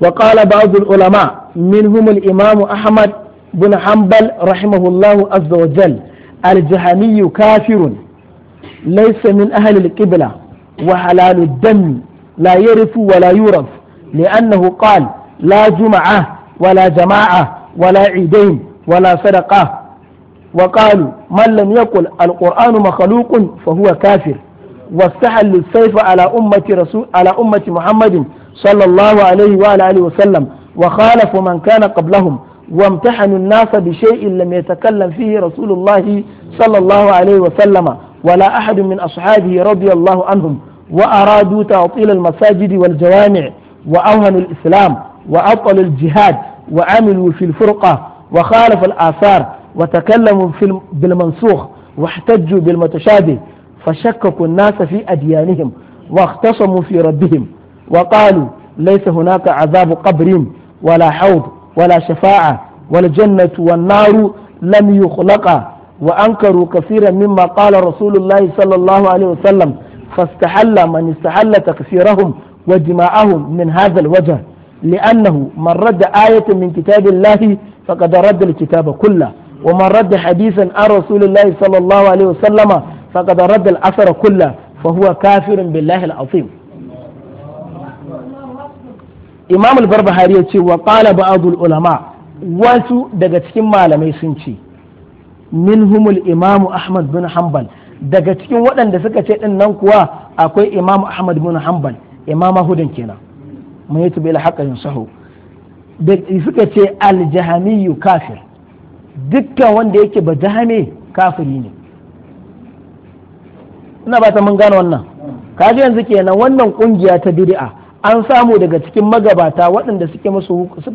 wa qala ba'd ulama minhum al-imam Ahmad bin Hanbal rahimahullahu azza wa jal kafirun laysa min ahli al-qibla wa halalu dam la yarifu wala la yuraf li'annahu qala la juma'a wala jama'a wala la idain wa la sadaqa wa qalu man lam yaqul al fa huwa kafir واستحلوا السيف على أمة رسول على أمة محمد صلى الله عليه وعلى آله وسلم وخالفوا من كان قبلهم وامتحنوا الناس بشيء لم يتكلم فيه رسول الله صلى الله عليه وسلم ولا أحد من أصحابه رضي الله عنهم وأرادوا تعطيل المساجد والجوامع وأوهنوا الإسلام وأبطلوا الجهاد وعملوا في الفرقة وخالفوا الآثار وتكلموا بالمنسوخ واحتجوا بالمتشابه فشككوا الناس في أديانهم واختصموا في ربهم وقالوا ليس هناك عذاب قبر ولا حوض ولا شفاعة والجنة والنار لم يخلقا وأنكروا كثيرا مما قال رسول الله صلى الله عليه وسلم فاستحل من استحل تكفيرهم ودماءهم من هذا الوجه لأنه من رد آية من كتاب الله فقد رد الكتاب كله ومن رد حديثا عن رسول الله صلى الله عليه وسلم فقد رد الأثر كله فهو كافر بالله العظيم إمام البربهاري وقال بعض العلماء wasu daga cikin malamai sun ce minhumul imamu ahmad bin hanbal daga cikin waɗanda suka ce ɗin nan kuwa akwai imamu ahmad bin hanbal imam hudun kenan mun yi bil haqqin sahu da suka ce aljahamiyu kafir dukkan wanda yake ba jahami kafiri ne ina ba ta mun gane wannan kaji yanzu kenan wannan kungiya ta bid'a an samu daga cikin magabata waɗanda suke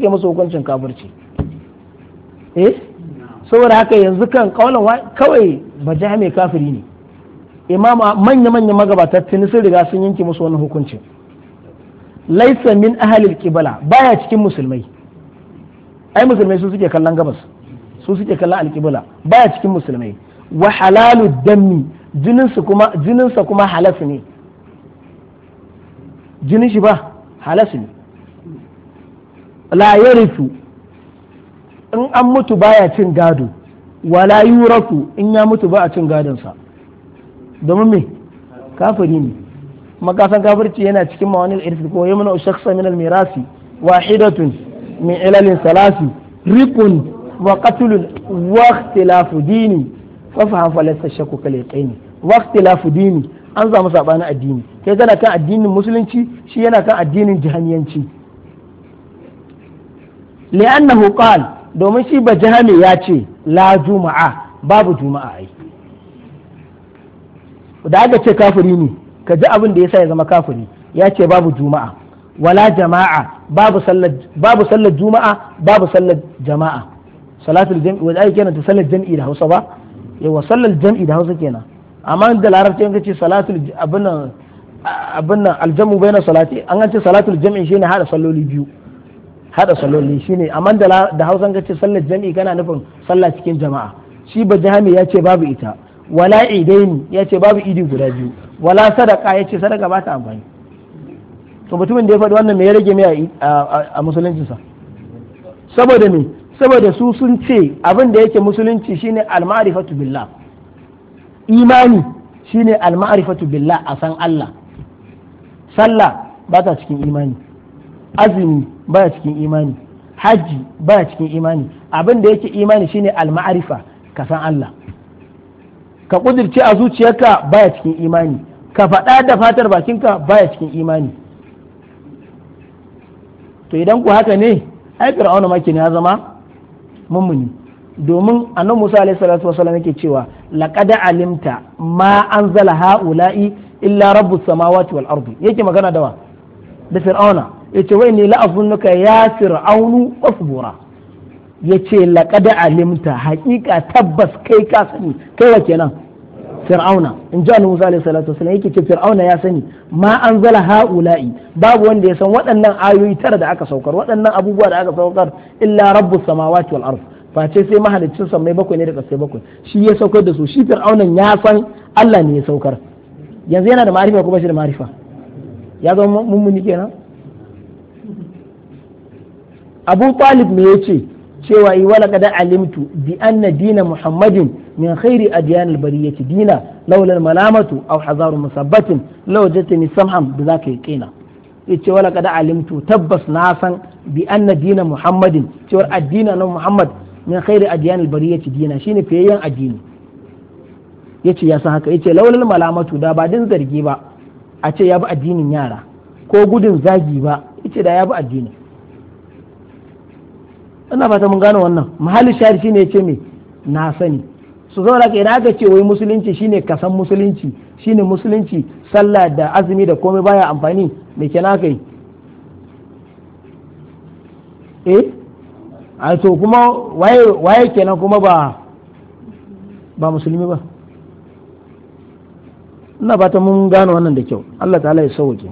musu hukuncin kafirci eh saboda haka yanzu kan kaulan kawai bajame kafiri ne imama manya manya magabata tuni sun riga sun yanke musu wani hukunci laisa min ahalil kibala baya cikin musulmai ai musulmai su suke kallon gabas su suke kallon alkibala baya cikin musulmai wa halalu dammi jininsa kuma jininsa kuma halas ne jinin shi ba halas ne la yarithu in an mutu baya cin gado wala yuraku in ya mutu ba a cin gadonsa domin me kafiri ne makasan kafirci yana cikin mawanin irfi ko yamna shakhsa min al-mirasi wahidatun min ilalin salasi rikun wa qatlun wa ikhtilafu dini fa faham fa shakku kal yaqini wa ikhtilafu dini an samu sabani addini kai kana kan addinin musulunci shi yana kan addinin jahaniyanci li'annahu qala domin shi ba jihami ya ce la juma'a babu juma'a ai da aka ce kafiri ne ka ji abin da yasa ya zama kafiri ya ce babu juma'a wala jama'a babu sallar babu sallar juma'a babu sallar jama'a salatul jam'i wa ai kenan ta sallar jam'i da Hausa ba yawa sallar jam'i da Hausa kenan amma da larabci an ce salatul abin nan abin nan aljamu bayna salati an ce salatul jam'i shine hada salloli biyu hada saloli shine amma da da Hausan ce sallar jami'i kana nufin sallah cikin jama'a shi ba bajami ya ce babu ita wala idain ya ce babu idi guda biyu wala sadaka ya ce sadaka ba ta amfani to mutumin da ya faɗi wannan me ya rage mai a musuluncinsa saboda me saboda su sun ce abin da yake musulunci shine al-ma'rifatu billah imani shine al-ma'rifatu billah a san Allah sallah ba ta cikin imani azumi baya cikin imani hajji baya cikin imani abin da yake imani shine alma'arifa ka san Allah ka kudirce a zuciyarka baya cikin imani ka faɗa da fatar bakinka baya cikin imani to idan ku haka ne ai fir'auna maki ne ya zama mummuni domin annabi Musa alaihi salatu wasallam yake cewa laqad alimta ma anzala haula'i illa rabbus samawati wal ardi yake magana da wa da fir'auna yace wai ne la'afunuka ya fir'aunu wasbura yace laqad limta haqiqa tabbas kai ka sani kai wa kenan fir'auna in ji annabi Musa alaihi salatu wasallam yake ce fir'auna ya sani ma anzala haula'i babu wanda ya san waɗannan ayoyi tara da aka saukar waɗannan abubuwa da aka saukar illa rabbus samawati wal ard face sai mahalicin sammai bakwai ne da ƙasai bakwai shi ya saukar da su shi fir'aunan ya san Allah ne ya saukar yanzu yana da ma'arifa ko ba shi da ma'arifa ya zama mummuni kenan abu talib me yace cewa yi wala kada alimtu bi anna dina muhammadin min khairi adyan albariyati dina laula almalamatu aw hazaru musabbatin law jatani samham bi zaka yaqina yace wala kada alimtu tabbas na san bi anna dina muhammadin cewar addina na muhammad min khairi adyan albariyati dina shine fiyayyen addini yace ya san haka yace laulal malamatu da ba din zargi ba a ce ya bi addinin yara ko gudun zagi ba yace da ya bi addinin ina fata mun gane wannan mahalli shahid shine ya ce me na sani su zaura ka ina aka ce wai musulunci shine kasan musulunci shine musulunci sallah da azumi da komai baya amfani me kenan kai eh a to kuma waye waye kenan kuma ba ba musulmi ba ina fata mun gano wannan da kyau Allah ta'ala ya sauke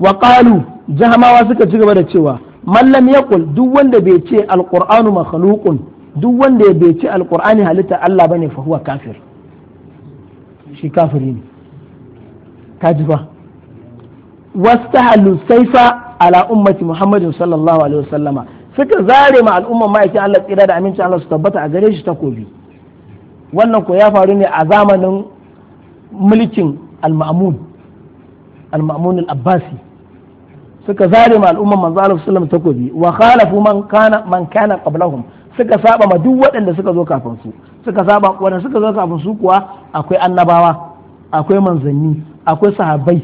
wa qalu jahamawa suka ci gaba da cewa mallam yaqul duk wanda bai ce alqur'anu makhluqun duk wanda bai ce alqur'ani halitta Allah bane fa huwa kafir shi kafiri ne kaji fa wastahalu saifa ala ummati muhammadin sallallahu alaihi wasallama suka zare ma al'umma ma'aikin Allah tsira da amincin Allah su tabbata a gare shi takobi wannan ko ya faru ne a zamanin mulkin al-ma'mun al-ma'mun al-abbasi suka zare ma al'umman manzo Allah sallallahu takobi wa khalafu man kana man kana qablahum suka saba ma duk waɗanda suka zo kafin su suka saba waɗanda suka zo kafin su kuwa akwai annabawa akwai manzanni akwai sahabbai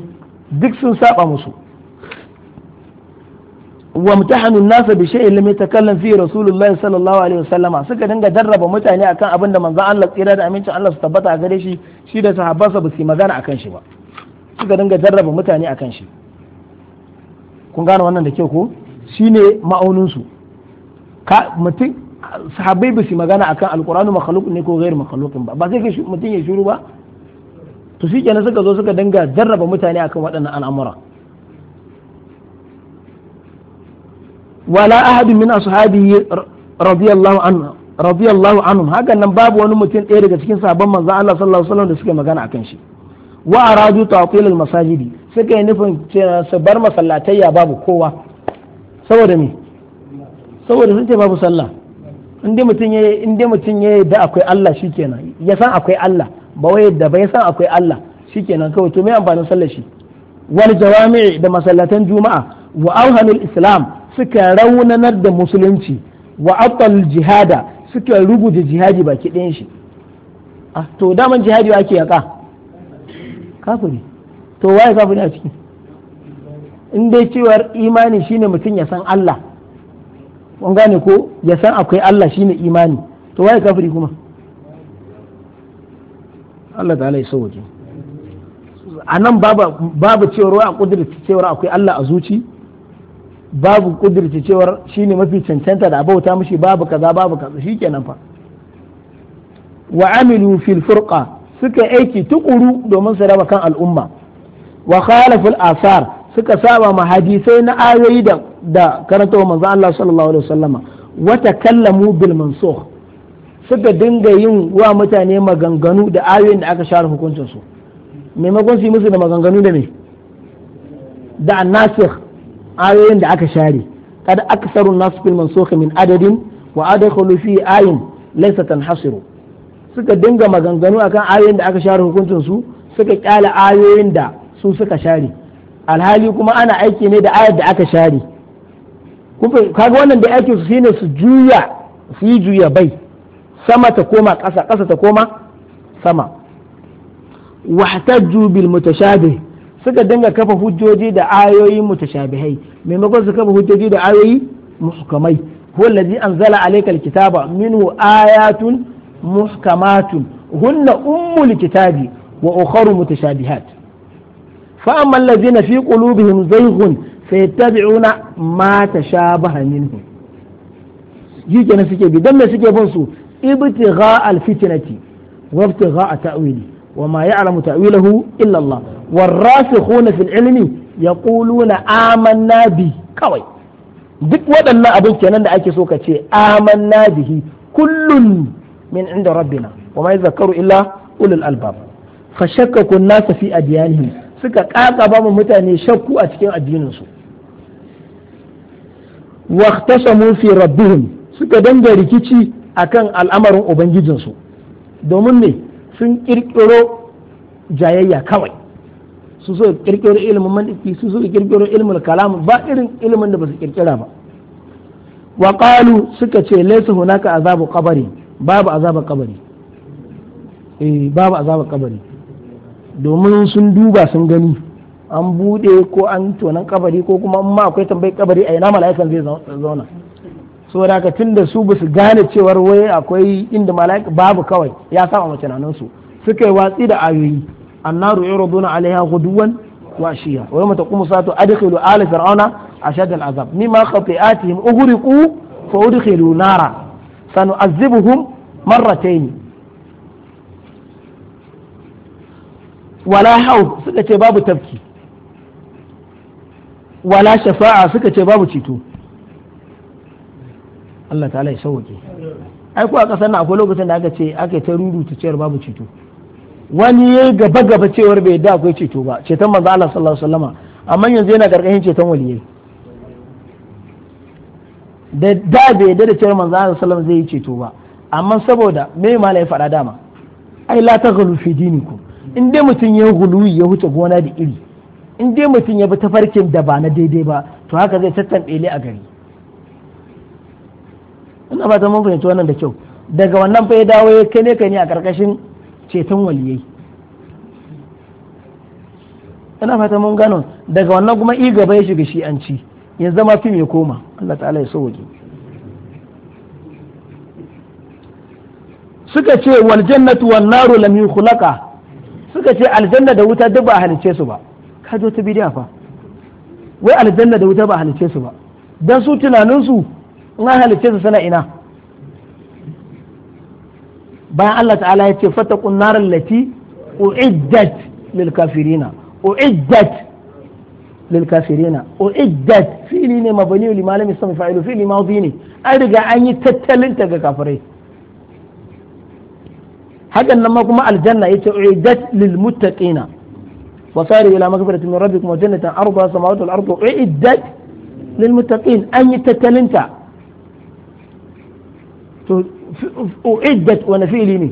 duk sun saba musu wa mutahanu nasa bi shay'in lam yatakallam fi rasulullahi sallallahu alaihi wasallam suka dinga darraba mutane akan abin da manzon Allah tsira da amincin Allah su tabbata a gare shi shi da sahabbansa ba su yi magana akan shi ba suka dinga darraba mutane akan shi kun gane wannan da kyau ko shine ne ma'auninsu ka mutum sahabai ba su magana kan alqur'anu makhalukun ne ko ghairu makhalukun ba ba sai ka mutum ya shuru ba to shi kenan suka zo suka danga jarraba mutane akan waɗannan al'amura wala ahadin min ashabi radiyallahu anhu radiyallahu anhum haka nan babu wani mutum ɗaya daga cikin sahabban manzon Allah sallallahu alaihi wasallam da suke magana akan shi wa aradu ta'til al masajidi suka yi nufin su bar masallatai ya babu kowa saboda me saboda sun ce babu sallah inda mutum ya inda mutum ya da akwai Allah shikenan ya san akwai Allah ba wai da bai san akwai Allah shikenan kawai to me amfanin sallar shi wal jawami' da masallatan juma'a wa awhanul islam suka raunanar da musulunci wa abdal jihada suka rubuta jihadi baki ɗayan shi ah, to daman jihadi ake yaka kafiri to waye kafiri a ciki in dai cewar imani shine mutum ya san Allah kun gane ko ya san akwai Allah shine imani to waye kafiri kuma Allah ta'ala ya sauke a nan babu babu cewar a kudurta cewar akwai Allah a zuci babu kudurci cewar shine mafi cancanta da abauta mishi babu kaza babu kaza shikenan fa wa amilu fil furqa suka aiki tukuru domin su raba kan al'umma wa khalaful asar suka saba ma hadisai na ayoyi da da karanta manzo Allah sallallahu alaihi wasallama wa takallamu bil mansukh suka dinga yin wa mutane maganganu da ayoyin da aka share hukuncin su maimakon su yi musu da maganganu da me da annasikh ayoyin da aka share kada aksarun nas bil mansukh min adadin wa adkhulu fi ayin laysa tanhasiru suka dinga maganganu akan ayoyin da aka share hukuncin su suka kyale ayoyin da su suka share alhali kuma ana aiki ne da ayar da aka share kaga wannan da aikin su shine su juya su yi juya bai sama ta koma ƙasa ƙasa ta koma sama wahtajju bil mutashabih suka dinga kafa hujjoji da ayoyi mutashabihai maimakon su kafa hujjoji da ayoyi muhkamai huwa allazi anzala alayka alkitaba minhu ayatun muhkamatun hunna ummul kitabi wa ukharu mutashabihat fa amma zina fi qulubihim zayghun fayattabi'una ma tashabaha minhu ji kenan suke bi dan me suke bin su ibtigha alfitnati wa ibtigha ta'wili wa ma ya'lamu illallah illa Allah والراسخون في ya يقولون آمنا به kawai duk waɗannan abin kenan da ake so ka ce amanna bihi kullun min inda rabbina wa ma yadhakkaru illa ulul albab fa shakkaku an-nas fi adyanihim suka kakaba mu mutane shakku a cikin addininsu. su waqtasamu fi rabbihim suka danga rikici akan al'amarin ubangijin su domin ne sun kirkiro jayayya kawai su so kirkiro ilimin mantiki su so kirkiro ilimin kalam ba irin ilimin da ba su kirkira ba wa qalu suka ce laysa hunaka azabu qabari babu azabar kabari eh babu azabar kabari domin sun duba sun gani an bude ko an tonan kabari ko kuma ma akwai tambayi kabari a ina mala'ikan zai zauna da ka tunda su basu gane cewa wai akwai inda mala'ika babu kawai ya saba mace nanan su suka yi watsi da ayoyi annaru yuraduna alaiha ghuduwan wa shiya wa yawma taqumu saatu adkhilu ala fir'auna ashad al'azab mimma khati'atihim ughriqu fa udkhilu nara sanu'azzibuhum marrataini wala hau suka ce babu tafki wala shafa'a suka ce babu ceto Allah ta'ala ya sauke ai ko a kasar na akwai lokacin da aka ce aka ta ruru ta ciyar babu ceto wani ya yi gaba gaba cewar bai da akwai ceto ba ceton manzo Allah sallallahu alaihi wasallama amma yanzu yana gargahin ceton waliyai da da bai yadda da cewar manzo Allah sallallahu zai yi ceto ba amma saboda me malai faɗa dama ai la taghlu fi dinikum in dai mutum ya guluwi ya huce gona da iri in dai mutum ya bi tafarkin da ba na daidai ba to haka zai tattanɓele a gari ina ba ta mun fahimci wannan da kyau daga wannan fa ya dawo ya kai ne kai ne a karkashin ceton waliyai ina fata mun gano daga wannan kuma i gaba ya shiga shi an ci. ya zama fim ya koma Allah ta'ala ya sauke suka ce wal jannatu wan naru lam yukhlaqa suka ce aljanna da wuta duk ba halice su ba ka zo ta bidiya fa wai aljanna da wuta ba halice su ba dan su tunanin su in an halice su sana ina bayan Allah ta'ala ya ce fatakun narar lati u'iddat lil kafirina u'iddat للكافرين وإجدت في لين مبني ولما لم يستمع فاعله في لماضيني أرجع أني تتل أنت كافرين هذا لما قم الجنة أعدت للمتقين وصار إلى مغفرة من ربكم وجنة أرضها سماوات الأرض أعدت للمتقين أني تتل أنت أعدت وأنا في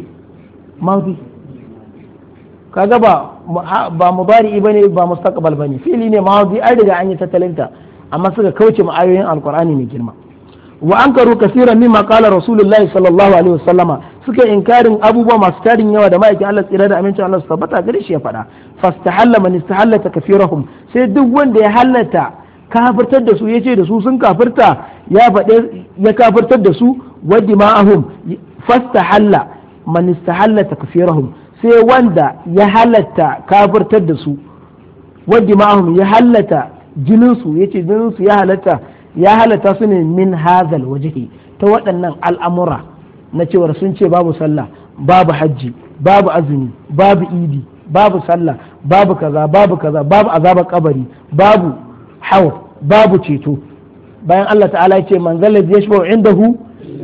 ماضي kaga ba ba mubari bane ba mustaqbal bane fili ne ma'adi an riga an yi tattalinta amma suka kauce ma ayoyin alqur'ani mai girma wa ankaru kaseeran mimma qala rasulullahi sallallahu alaihi wasallama suka inkarin abubuwa masu tarin yawa da ma'aikin Allah tsira da amincin Allah su tabbata gare shi ya faɗa fastahalla man istahallata kafirahum sai duk wanda ya hallata kafirtar da su yace da su sun kafirta ya faɗe ya kafirtar da su wa dima'ahum fastahalla man istahallata kafirahum sai wanda ya halatta kafirtar da su wadda ma'ahum ya halatta jininsu ya ce jininsu ya halatta ya halatta su ne min hazal wajihi ta waɗannan al'amura na cewar sun ce babu sallah babu hajji babu azumi babu idi babu sallah babu kaza babu kaza babu azaba kabari babu hau babu ceto bayan Allah ta'ala ya ce man zalla yashba'u indahu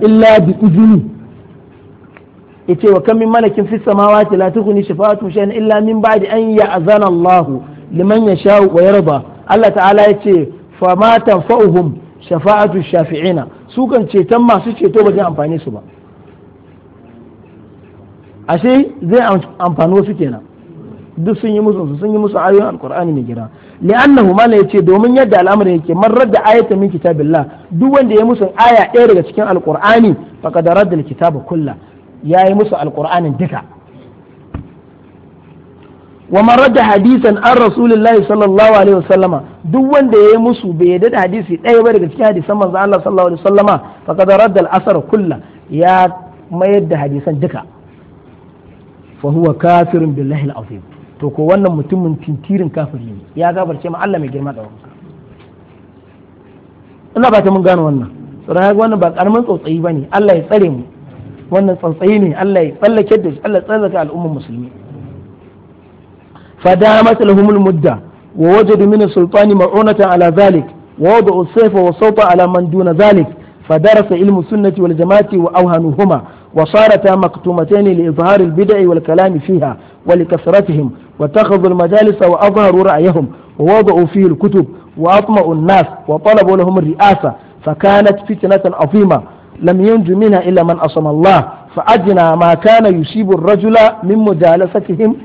illa bi izini yace wa kan min malakin fis samawati la tukuni shafa'atu shay'an illa min ba'di an ya'zana Allah liman yasha wa yarda Allah ta'ala yace fa ma tanfa'uhum shafa'atu shafi'ina su kan ceton masu ceto ba zai amfane su ba ashe zai amfani wasu kenan duk sun yi musu sun yi musu ayoyin alqur'ani mai gira li'annahu mala yace domin yadda al'amarin yake man radda ayatan min kitabillah duk wanda ya musu aya ɗaya daga cikin alqur'ani faqad radda alkitaba kullah ya yi musu alƙur'anin duka wa man radda hadisan an rasulullahi sallallahu alaihi wasallama duk wanda ya yi musu bai yadda da hadisi ɗaya ba daga cikin hadisan manzo Allah sallallahu alaihi wasallama faqad radda al-asar kullu ya mayar da hadisan duka fa huwa kafirun billahi al-azim to ko wannan mutumin tintirin kafiri ne ya gabarce ma Allah mai girma da wanka ina ba ta mun gano wannan ga wannan ba karamin tsotsayi bane Allah ya tsare mu wannan tsantsaye ne Allah ya tsallake da shi Allah tsallaka al'ummar musulmi فدامت لهم المدة ووجدوا من السلطان مرعونة على ذلك ووضعوا السيف والصوت على من دون ذلك فدرس علم السنة والجماعة وأوهنوهما وصارتا مقتومتين لإظهار البدع والكلام فيها ولكثرتهم واتخذوا المجالس وأظهروا رأيهم ووضعوا فيه الكتب وأطمأوا الناس وطلبوا لهم الرئاسة فكانت فتنة عظيمة لم ينج منها إلا من أصم الله فأدنى ما كان يصيب الرجل من مجالستهم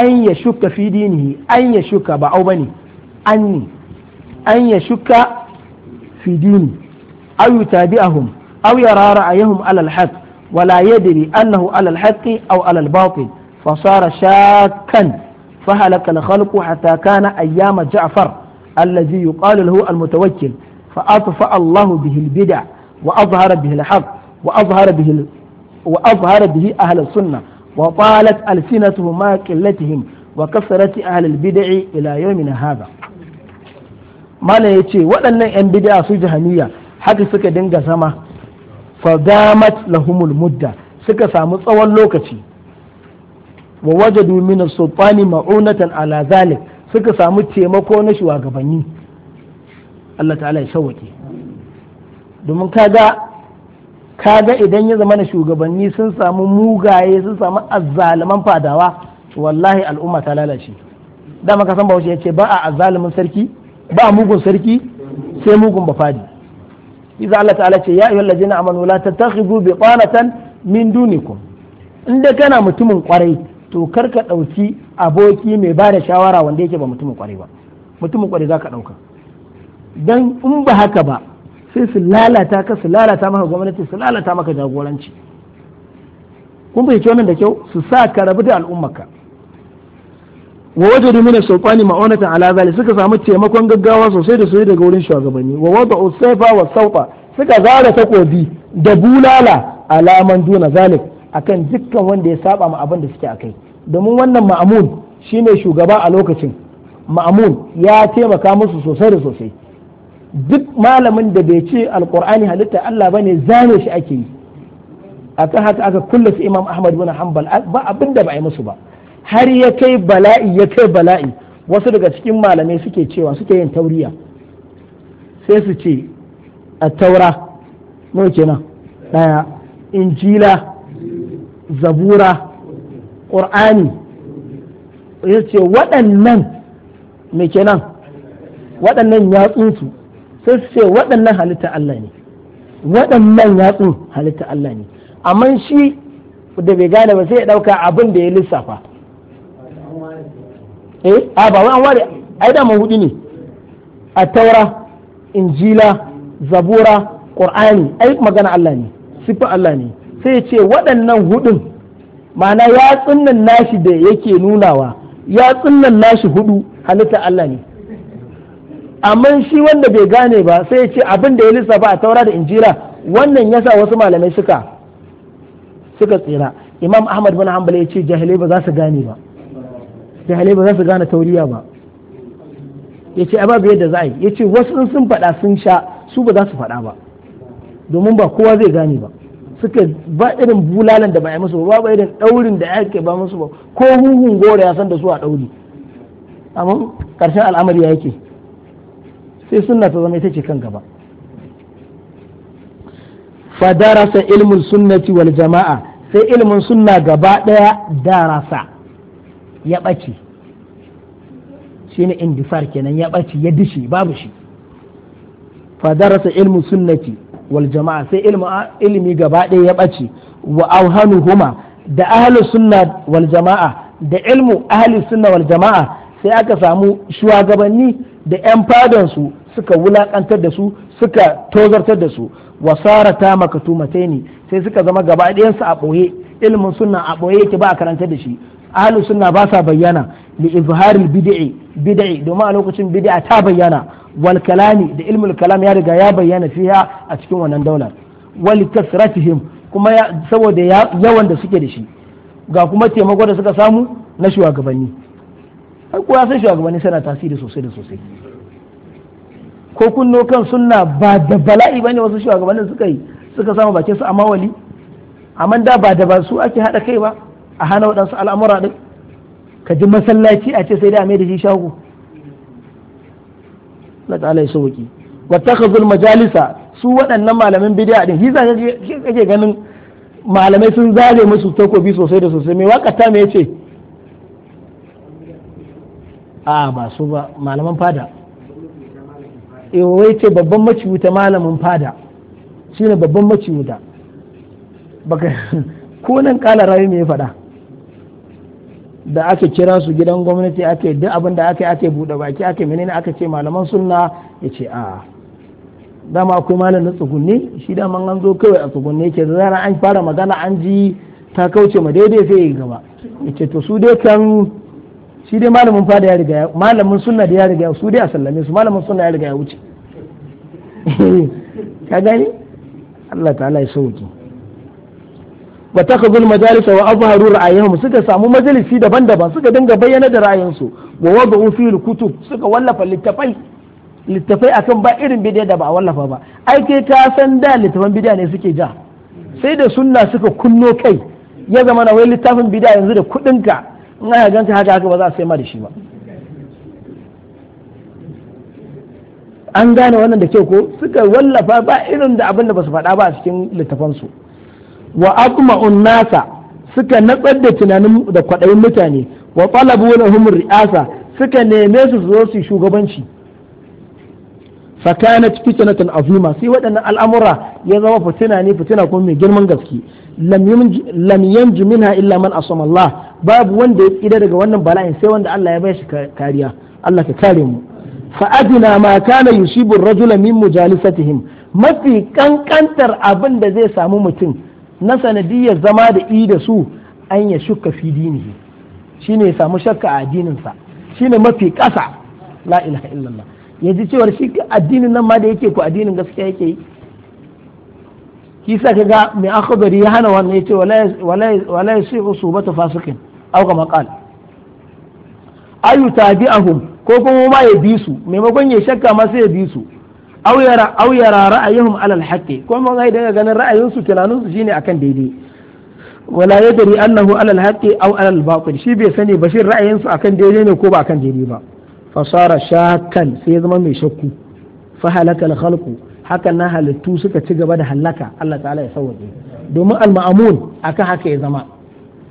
أن يشك في دينه أن يشك بعوبني أني أن يشك في دينه أو يتابعهم أو يرى رأيهم على الحق ولا يدري أنه على الحق أو على الباطل فصار شاكا فهلك الخلق حتى كان أيام جعفر الذي يقال له المتوكل فأطفأ الله به البدع wa azhara bihi al wa azhara bihi wa azhara bihi wa talat alsinatuhum ma qillatihim wa kasarati ila yawmina hadha malam yace waɗannan yan bida'a su jahaniya haka suka dinga zama fadamat lahumul mudda suka samu tsawon lokaci wa wajadu min as-sultani ma'unatan ala zalik suka samu taimako na shugabanni Allah ta'ala ya domin kaga kaga idan ya zama na shugabanni sun samu mugaye sun samu azzaliman fadawa wallahi al'umma ta lalace da maka san bahaushe ya ce ba a azzalimin sarki ba mugun sarki sai mugun bafadi iza Allah ta'ala ce ya ayyuhal ladina amanu la tattakhidhu qanatan min dunikum in dai kana mutumin kwarai to kar ka dauki aboki mai ba da shawara wanda yake ba mutumin kwarai ba mutumin kwarai zaka dauka dan in ba haka ba sai su lalata ka su lalata maka gwamnati su lalata maka jagoranci kun fahimci wannan da kyau su sa ka rabu da al'ummaka wa wajen min sultani ma'onatan ala alazali suka samu taimakon gaggawa sosai da sosai daga wurin shugabanni wa wadda usaifa wa saufa suka zara takobi da bulala alaman duna zalik akan dukkan wanda ya saba ma abin da suke a kai, domin wannan ma'amun shine shugaba a lokacin ma'amun ya taimaka musu sosai da sosai duk malamin da bai ce Alƙur'ani halitta Allah bane zane shi ake yi akan haka aka kulle su imam ahmad bin hanbal ba abin da ba yi musu ba har ya kai bala'i ya kai bala'i wasu daga cikin malamai suke cewa suke yin tauriya sai su ce a taura ke kenan daya injila zabura ƙur'ani ya ce waɗannan me kenan waɗannan yatsunsu sai su ce waɗannan halitta Allah ne waɗannan yatsun halitta Allah ne amma shi da bai gane ba sai ya ɗauka abin da ya lissafa eh a ba wani an ware ai da hudu ne a taura injila zabura qur'ani ai magana Allah ne sifa Allah ne sai ya ce waɗannan hudun ma'ana yatsun nan nashi da yake nunawa yatsun nan nashi hudu halitta Allah ne amma shi wanda bai gane ba sai ya ce abin da ya lissafa a taura da injila wannan ya sa wasu malamai suka suka tsira imam ahmad bin hanbal ya ce jahilai ba za su gane ba jahilai ba za su gane tauriya ba ya ce ababu yadda za a yi ya ce wasu sun faɗa sun sha su ba za su faɗa ba domin ba kowa zai gane ba suka ba irin bulalan da ba a musu ba ba irin ɗaurin da ake ba musu ba ko huhun goro ya san da su a ɗauri amma ƙarshen al'amari ya yake sai sunna ta zama ita ce kan gaba darasa ilmin sunnati wal jama'a sai ilmin sunna gaba daya darasa ya ɓace shine indifar kenan ya ɓace ya dishi babu shi darasa ilmin sunnati wal jama'a sai ilmi gaba daya ya ɓace wa auhanuhuma da ahli sunna wal jama'a da ilmu ahli sunna wal jama'a sai aka samu shugabanni da 'yan fadansu suka wulakantar da su suka tozartar da su wasara ta makatumatai ne sai suka zama gaba ɗayansu a ɓoye ilimin suna a ɓoye yake ba a karantar da shi ahlus suna ba sa bayyana li izharil bid'i bid'i domin a lokacin bid'a ta bayyana wal kalami da ilmul kalam ya riga ya bayyana fiha a cikin wannan daular wal kasratihim kuma saboda yawan da suke da shi ga kuma taimako da suka samu na shugabanni ai kowa san shugabanni suna tasiri sosai da sosai ko kunno kan sunna ba da bala'i bane wasu shugabannin suka yi suka samu bakin su a mawali amma da ba da ba ake hada kai ba a hana waɗansu al'amura din ka ji masallaci a ce sai dai mai da shi shago Allah ta'ala ya sauki wattakhazul majalisa su waɗannan malamin bid'a din hiza kake ganin malamai sun zare musu takobi sosai da sosai mai wakata me ce. a ba su ba malaman fada eh, wai ce babban maciwuta malamin fada ne babban maciwuta baka ko nan kala rayu mai faɗa da ake kira su gidan gwamnati ake duk abin da ake ake buɗe baki ake menene aka ce malaman sunna ya ce a dama akwai malam na tsugunne shi dama an zo kawai a tsugunne ke zara an fara magana an ji ta kauce ma daidai sai ya gaba ya ce to su dai kan shi dai malamin fada ya riga malamin sunna da ya riga su dai a sallame su malamin sunna ya riga ya wuce ka gani Allah ta'ala ya sauki wa takhudhul majalis wa azharu ra'ayihim suka samu majalisi daban-daban suka dinga bayyana da ra'ayinsu wa wada'u al kutub suka wallafa littafai littafai akan ba irin bidiya da ba a wallafa ba ai kai ka san da littafan bidiya ne suke ja sai da sunna suka kunno kai ya zama na wai littafin bidiya yanzu da kudinka in ana ganta haka haka ba za a sai ma da shi ba an gane wannan da kyau ko suka wallafa ba irin da abin da ba su faɗa ba a cikin littafansu wa aqma'un nasa suka natsar da tunanin da kwaɗayin mutane wa talabu humin ri'asa suka neme su zo su shugabanci na kanat fitnatan azima sai waɗannan al'amura ya zama fitina ne fitina kuma mai girman gaske lam yanju minha illa man asama Allah babu wanda ya tsira daga wannan bala'in sai wanda Allah ya bashi kariya Allah ka kare mu fa adina ma kana yusibu ar-rajula min mujalisatihim mafi kankantar abin da zai samu mutum na sanadiyar zama da i da su an ya shuka fi dinihi shine ya samu shakka a addininsa shine mafi kasa la ilaha illallah yanzu cewar shi addinin nan ma da yake ku addinin gaskiya yake yi kisa ka ga mai akhbari ya hana wannan yace wala wala su bata fasikin aw kama qala ayu tabi'ahum ko kuma ma ya bi su maimakon ya shakka ma sai ya bi su aw yara aw yara ra'ayuhum ala al-haqqi ko mun ga daga ganin ra'ayin su tunanin su shine akan daidai wala yadri annahu ala al-haqqi aw ala al-batil shi bai sani ba shi ra'ayin su akan daidai ne ko ba akan daidai ba fasara shakkan sai ya zama mai shakku fa halaka al-khalqu haka na halittu suka ci gaba da hallaka Allah ta'ala ya sauwaje domin al-ma'amun aka haka ya zama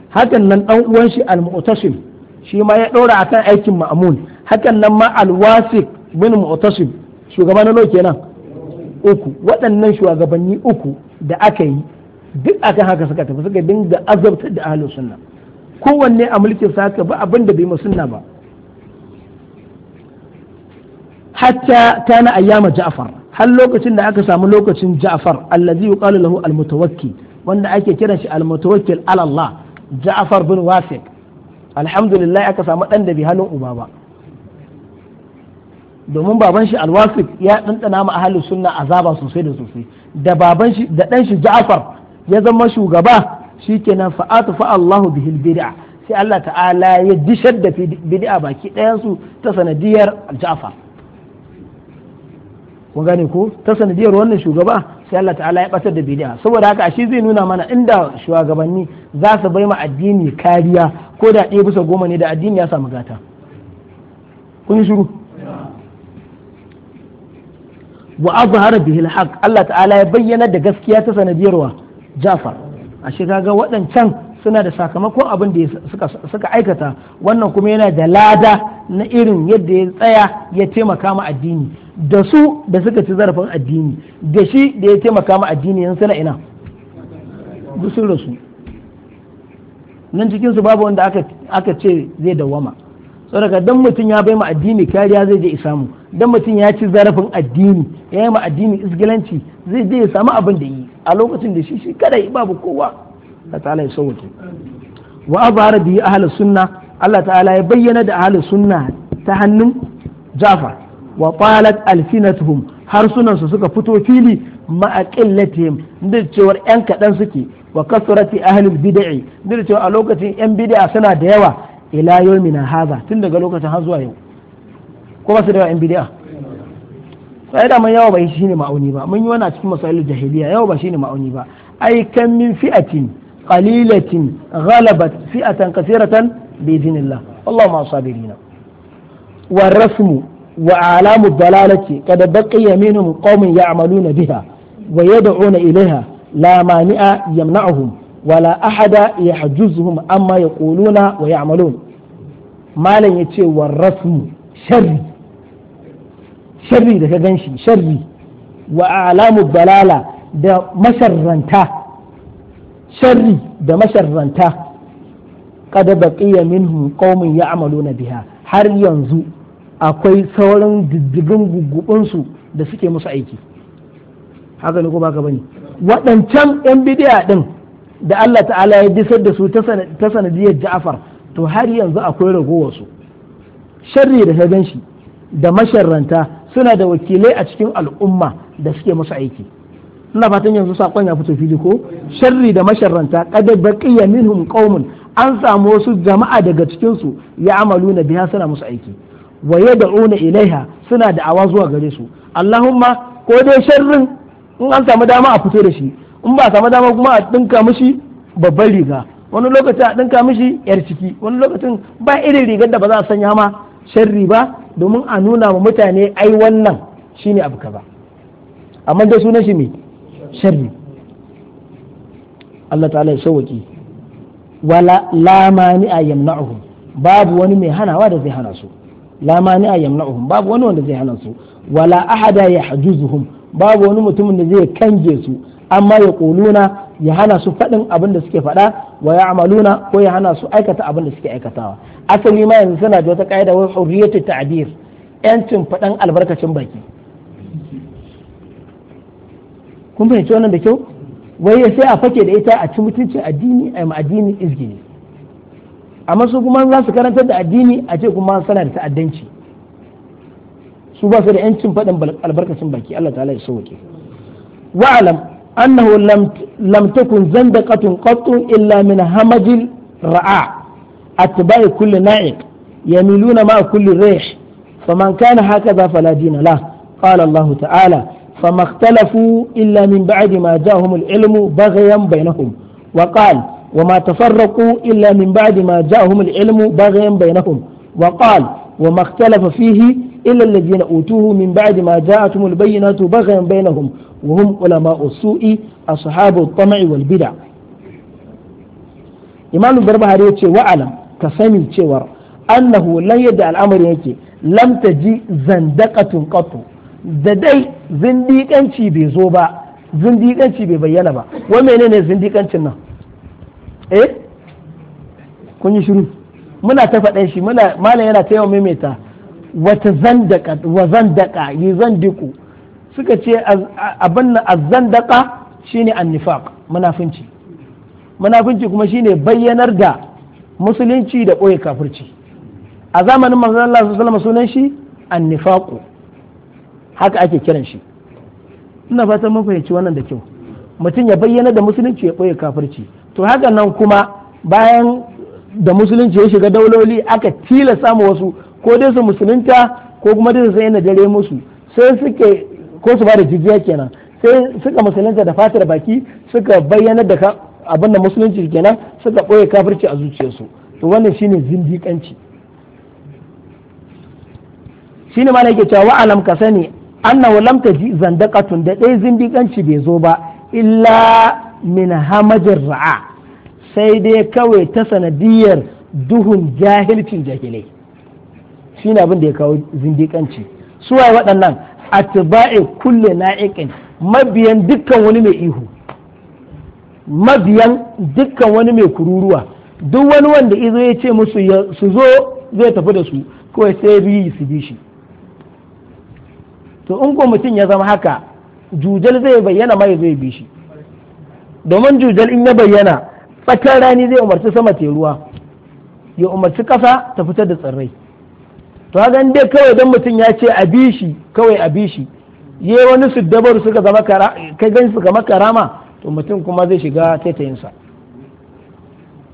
hakan nan dan uwan shi al-mu'tasim shi ma ya dora akan aikin mamun hakan nan ma al-wasiq bin mu'tasim shugaba na kenan uku waɗannan shugabanni uku da aka yi duk akan haka suka tafi suka dinga azabtar da ahlus sunna kowanne a mulkin sa haka ba abinda da bai musunna ba hatta kana ayyama ja'far har lokacin da aka samu lokacin Ja'far allazi yuqalu lahu al-mutawakkil wanda ake kiran shi al-mutawakkil ala Allah Ja'far bin Wasiq alhamdulillah aka samu dan da bi hannun uba ba domin baban shi al-Wasiq ya dantana ma ahlus sunna azaba sosai da sosai da baban shi da dan shi Ja'far ya zama shugaba shikenan fa'atu fa Allahu bihil bid'a sai Allah ta'ala ya dishar da bid'a baki ɗayansu ta sanadiyar Ja'far kun gane ko ta sanadiyar wannan shugaba sai Allah ta'ala ya batar da bid'a saboda haka shi zai nuna mana inda shugabanni za su bai ma addini kariya ko da ɗaya bisa goma ne da addini ya samu gata kun yi shiru wa azhara bihi alhaq Allah ta'ala ya bayyana da gaskiya ta sanadiyarwa Jafar ashe kaga waɗancan suna da sakamakon abin da suka aikata wannan kuma yana da lada na irin yadda ya tsaya ya taimaka ma addini da su da suka ci zarafin addini da shi da ya taimaka ma addini yan suna ina sun rasu nan cikinsu babu wanda aka ce zai dawwama saboda dan mutum ya bai ma addini kariya zai je isamu dan mutum ya ci zarafin addini ya yi ma addini isgilanci zai je ya samu abin da yi a lokacin da shi shi kada babu kowa Allah ta'ala ya sauke wa abara bi ahli sunna Allah ta'ala ya bayyana da ahli sunna ta hannun Ja'far wa talat alfinatuhum harsunan su suka fito fili ma aqillatihim da cewar yan kadan suke wa kasrati ahli bid'i da cewa a lokacin yan bid'a suna da yawa ila yawmina hadha tun daga lokacin har zuwa yau ko ba su da yawa yan bid'a sai da man yawa ba shine ma'auni ba mun yi wani a cikin masalul jahiliya yawa ba shine ma'auni ba ai kan min fi'atin قليلة غلبت فئة كثيرة بإذن الله اللهم صابرين والرسم وأعلام الضلالة قد بقي منهم قوم يعملون بها ويدعون إليها لا مانع يمنعهم ولا أحد يحجزهم أما يقولون ويعملون ما لن يتي والرسم شر شر ده شر وأعلام الضلالة ده مسرنته sharri da masharranta kada baqiya minhum qaumun ya'maluna biha har yanzu akwai sauran diddigin gugubinsu da suke musu aiki haka ne ko baka bane waɗancan yan bidiya ɗin, da Allah ta'ala ya disar da su ta sanadiyar Ja'far to har yanzu akwai ragowarsu. su sharri da ta ganshi da masharranta suna da wakilai a cikin al'umma da suke musu aiki suna fatan yanzu sakon ya fito fili ko sharri da masharranta kada baqiya minhum qaumun an samu wasu jama'a daga cikin su ya na biya suna musu aiki wa yad'una ilaiha suna da awa zuwa gare su allahumma ko dai sharrin in an samu dama a fito da shi in ba a samu dama kuma a dinka mishi babban riga wani lokacin a dinka mishi yar ciki wani lokacin ba irin rigar da ba za a sanya ma sharri ba domin a nuna wa mutane ai wannan shine abu kaza amma da sunan shi me sharri Allah ta'ala ya sauwaki wala la mani'a yamna'uhum babu wani mai hanawa da zai hana su la mani'a yamna'uhum babu wani wanda zai hana su wala ahada ya hajuzuhum babu wani mutumin da zai kange su amma ya kuluna ya hana su faɗin abin da suke faɗa wa ya amaluna ko ya hana su aikata abin da suke aikatawa asali ma yanzu suna da wata ƙa'ida wa hurriyatu ta'bir yancin faɗan albarkacin baki kun fahimci wannan da kyau wai sai a fake da ita a ci mutunci addini a addini izgini amma su kuma za su karantar da addini a ce kuma sana da ta'addanci su ba su da yancin faɗin albarkacin baki Allah ta'ala ya sauke wa'alam annahu lam takun zandaqatun qattu illa min hamajil ra'a atba'i kulli na'iq yamiluna ma kulli rih faman kana hakaza fala dina la qala Allah ta'ala فما اختلفوا إلا من بعد ما جاءهم العلم بغيا بينهم وقال وما تفرقوا إلا من بعد ما جاءهم العلم بغيا بينهم وقال وما اختلف فيه إلا الذين أوتوه من بعد ما جاءتهم البينات بغيا بينهم وهم علماء السوء أصحاب الطمع والبدع إمام البربهاري وأعلم كسمي تشور أنه لا يدع الأمر يكي لم تجي زندقة قط da dai zindiƙanci bai zo ba zindiƙanci bai bayyana ba wa menene zindiƙancin nan eh kun yi shiru muna ta faɗa shi muna malam yana ta yawan maimaita wata zandaka wa zandaka yi zandiku suka ce abin na azzandaka shine annifaq munafunci munafunci kuma shine bayyanar da musulunci da ɓoye kafirci a zamanin manzon Allah sallallahu alaihi wasallam sunan shi annifaqu haka ake kiran shi ina fatan mun fahimci wannan da kyau mutum ya bayyana da musulunci ya ɓoye kafirci to haka nan kuma bayan da musulunci ya shiga dauloli aka tilasta samu wasu ko dai su musulunta ko kuma dai su sai na dare musu sai suke ko su ba da kenan sai suka musulunta da fatar baki suka bayyana da abin da musulunci kenan suka ɓoye kafirci a zuciyarsu to wannan shine zindiƙanci shine ma yake cewa wa'alam ka sani an annahu lam taji zandaqatun da dai zindiƙanci bai zo ba illa min hamajir ra'a sai dai kawai ta sanadiyar duhun jahilcin jahilai shi ne abin da ya kawo zindiƙanci suwaye waɗannan atba'i kulle naiƙin mabiyan dukkan wani mai ihu mabiyan dukkan wani mai kururuwa duk wani wanda izo ya ce musu su zo zai tafi da su kawai sai biyu su bi shi to in ko mutum ya zama haka jujal zai bayyana mai zai bi shi domin jujal in ya bayyana tsakar rani zai umarci sama ta ruwa ya umarci kasa ta fita da tsirrai to haka dai kawai don mutum ya ce a bi shi kawai a bi shi yi wani su dabaru suka zama kai gani suka makarama to mutum kuma zai shiga sa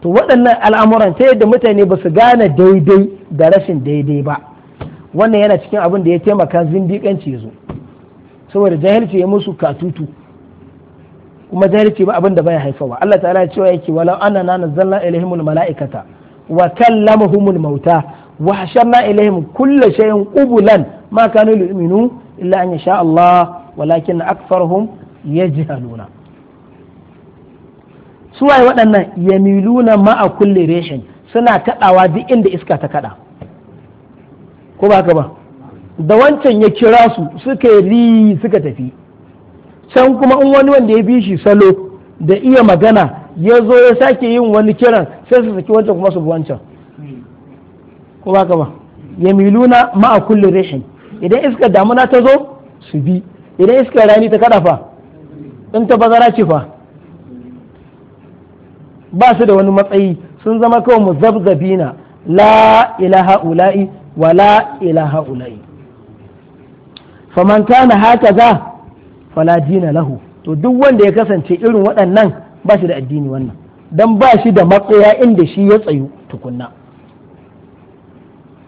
to waɗannan al'amuran ta yadda mutane ba su gane daidai da rashin daidai ba wannan yana cikin abin da ya taimaka zindiƙanci ya zo saboda jahilci ya musu katutu kuma jahilci ba abin da baya haifawa Allah ta'ala ya cewa yake walau anna na nazzalna ilaihimul mala'ikata wa kallamahumul mauta wa hasharna ilaihim kulla shay'in qubulan ma kanu yu'minu illa an yasha Allah walakin aktharuhum yajhaluna suwaye waɗannan yamiluna ma'a kulli rehin suna kaɗawa duk inda iska ta kaɗa ko ba ka ba da wancan ya kira su suka ri suka tafi can kuma in wani wanda ya bi shi salo da iya magana ya zo ya sake yin wani kiran sai su saki wancan kuma su bi wancan ko ba ka ba ya miluna ma'a kulli rihin idan iskar damuna ta zo su bi idan iskar rani ta kada fa in ta bazara ce fa ba su da wani matsayi sun zama kawai muzabzabina la ilaha ula'i wala ila haula'i faman kana hakaza fala dina lahu to duk wanda ya kasance irin waɗannan ba shi da addini wannan dan ba shi da matsaya inda shi ya tsayu tukunna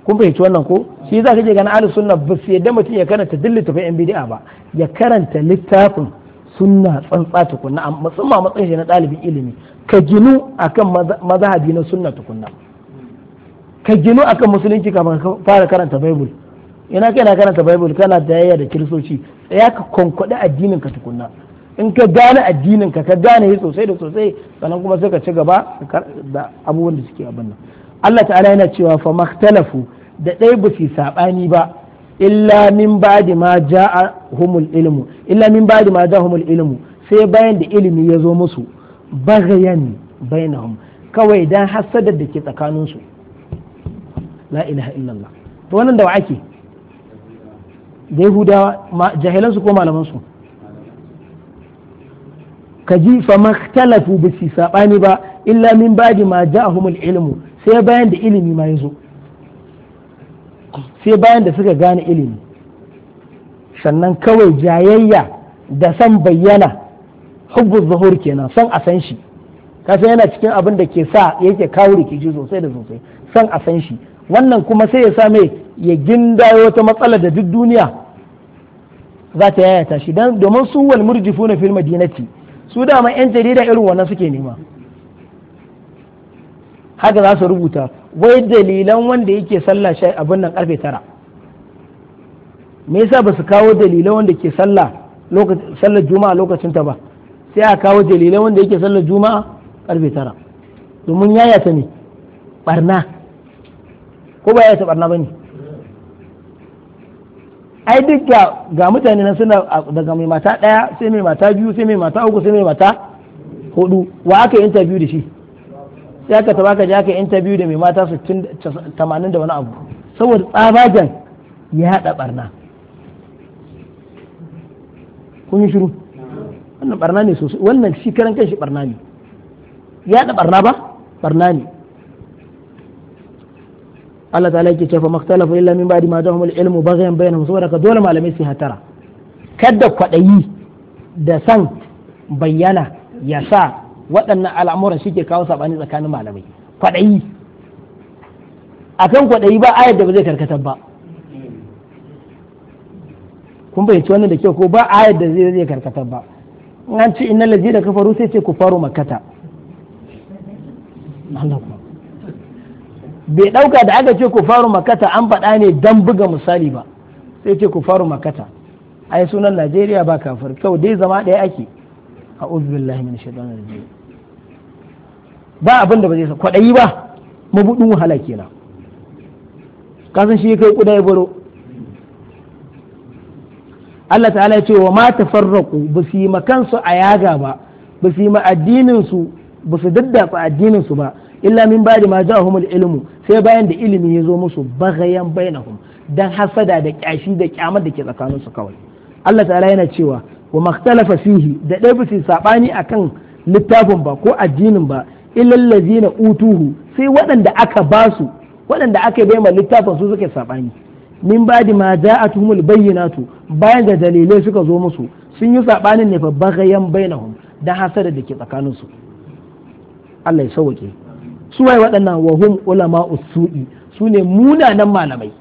kun fahimci wannan ko shi za ka je ganin ahlus sunna ba su yadda mutum ya karanta duk littafin yan bidi'a ba ya karanta littafin sunna tsantsa tukunna musamman matsayin shi na ɗalibin ilimi ka ginu akan mazhabi na sunna tukunna ka ginu akan musulunci kafin ka fara karanta bible ina kai na karanta bible kana yaya da kiristoci ya ka konkwada addinin ka tukunna in ka gane addinin ka ka gane shi sosai da sosai sannan kuma sai ka ci gaba da abubuwan da suke abin nan Allah ta'ala yana cewa fa makhtalafu da ɗaya ba su saɓani ba illa min ba'di ma ja'a humul ilmu illa min ba'di ma ja'a humul ilmu sai bayan da ilimi ya zo musu bagayan bainahum kawai dan hasadar da ke tsakanin su la ilaha illallah to wannan da wa ake da yahudawa jahilan su ko malaman su kaji fa makhtalafu bi si sabani ba illa min ba'di ma ja'ahumul ilmu sai bayan da ilimi ma yazo sai bayan da suka gane ilimi sannan kawai jayayya da san bayyana hubbu zuhur kenan san a san shi kasan yana cikin abin da ke sa yake kawo rikici sosai da sosai san a san shi wannan kuma sai ya same ya gindayo wata matsala da duk duniya za ta yayata shi domin su wal na fil madinati su dama yan jarida irin wannan suke nema haka za su rubuta wai dalilan wanda yake sallah shai abin nan karfe tara me yasa ba su kawo dalilan wanda ke sallah sallar juma'a lokacin ta ba sai a kawo dalilan wanda yake sallar juma'a karfe tara domin yaya ta ne barna ko ba ya ta barna ne? ai duk ga mutane nan suna daga mai mata ɗaya sai mai mata biyu sai mai mata uku sai mai mata hudu wa aka yi interview da shi sai aka taba ka je aka yi interview da mai mata 80 da wani abu saboda tsabagen ya haɗa barna kun yi shiru wannan barna ne sosai wannan shi karan shi barna ne ya haɗa barna ba barna ne Allah ta'ala yake cewa maktalafu illa min ba'di ma ja'ahumul ilmu baghyan bainahum saboda ka dole malamai su hatara kada kwadayi da san bayyana ya sa waɗannan al'amuran shi ke kawo saɓani tsakanin malamai kwaɗayi akan kwaɗayi ba ayar da ba zai karkatar ba kun bayyace wannan da kyau ko ba ayar da zai karkatar ba in an ci innal ladina kafaru sai ce ku faru makkata Allah kuma bai ɗauka da aka ce ku faru makata an faɗa ne don buga misali ba sai ce ku faru makata ai sunan najeriya ba kafir kyau dai zama ɗaya ake a billahi min shaitan ba abin da ba zai sa kwaɗayi ba mabudin wahala kenan kasan shi kai kudai ya baro Allah ta'ala ya ce wa ma tafarraqu ba su yi makansu a yaga ba ba su yi ma addinin su ba su daddatsa addinin su ba illa min ba'di ma ja'ahumul ilmu sai bayan da ilimi ya zo musu bagayan bainahum dan hasada da kyashi da kyamar da ke tsakaninsu kawai Allah ta'ala yana cewa wa makhtalafa fihi da dai bisu sabani akan littafin ba ko addinin ba illal ladzina utuhu sai waɗanda aka basu waɗanda aka bai ma littafin su suke sabani min da ma ja'atuhumul bayyinatu bayan da dalilai suka zo musu sun yi sabanin ne fa bagayan bainahum dan hasada da ke tsakaninsu Allah ya sauke su waye waɗannan wahun ulama usu'i su ne munanan malamai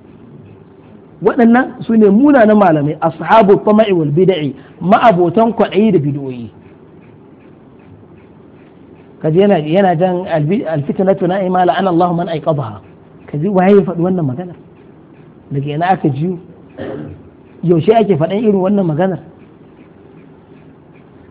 waɗannan su ne munanan malamai ashabu fama'i wal bid'i ma'abotan kwaɗayi da bid'o'i kaji yana yana jan alfitanatu na imala an allahu man aiqadha kaji waye ya faɗi wannan maganar daga yana aka ji yaushe ake faɗan irin wannan maganar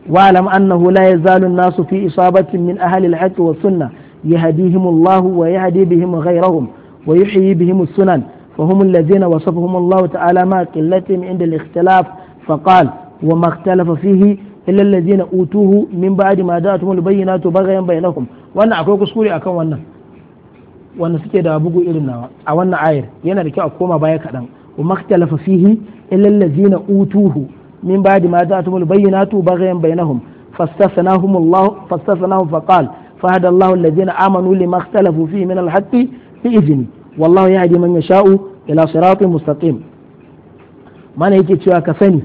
Wa wa'lam annahu la yazalu an-nasu fi isabatin min ahli al-haqq wa sunnah يهديهم الله ويهدي بهم غيرهم ويحيي بهم السنن فهم الذين وصفهم الله تعالى مع قلتهم عند الاختلاف فقال وما اختلف فيه إلا الذين أوتوه من بعد ما جاءتهم البينات بغيا بينهم وأنا أقول كسكولي أكون وأنا wanda suke da bugu irin nawa a wannan ayar yana da kyau a koma baya kaɗan wa makhtalafa fihi illal ladzina utuhu min ba'di ma ja'atuhumul bayyinatu فهدى الله الذين آمنوا لما اختلفوا izini من ya بإذنه والله sha'u ila يشاء إلى mana مستقيم ما نيجي تشوى كفني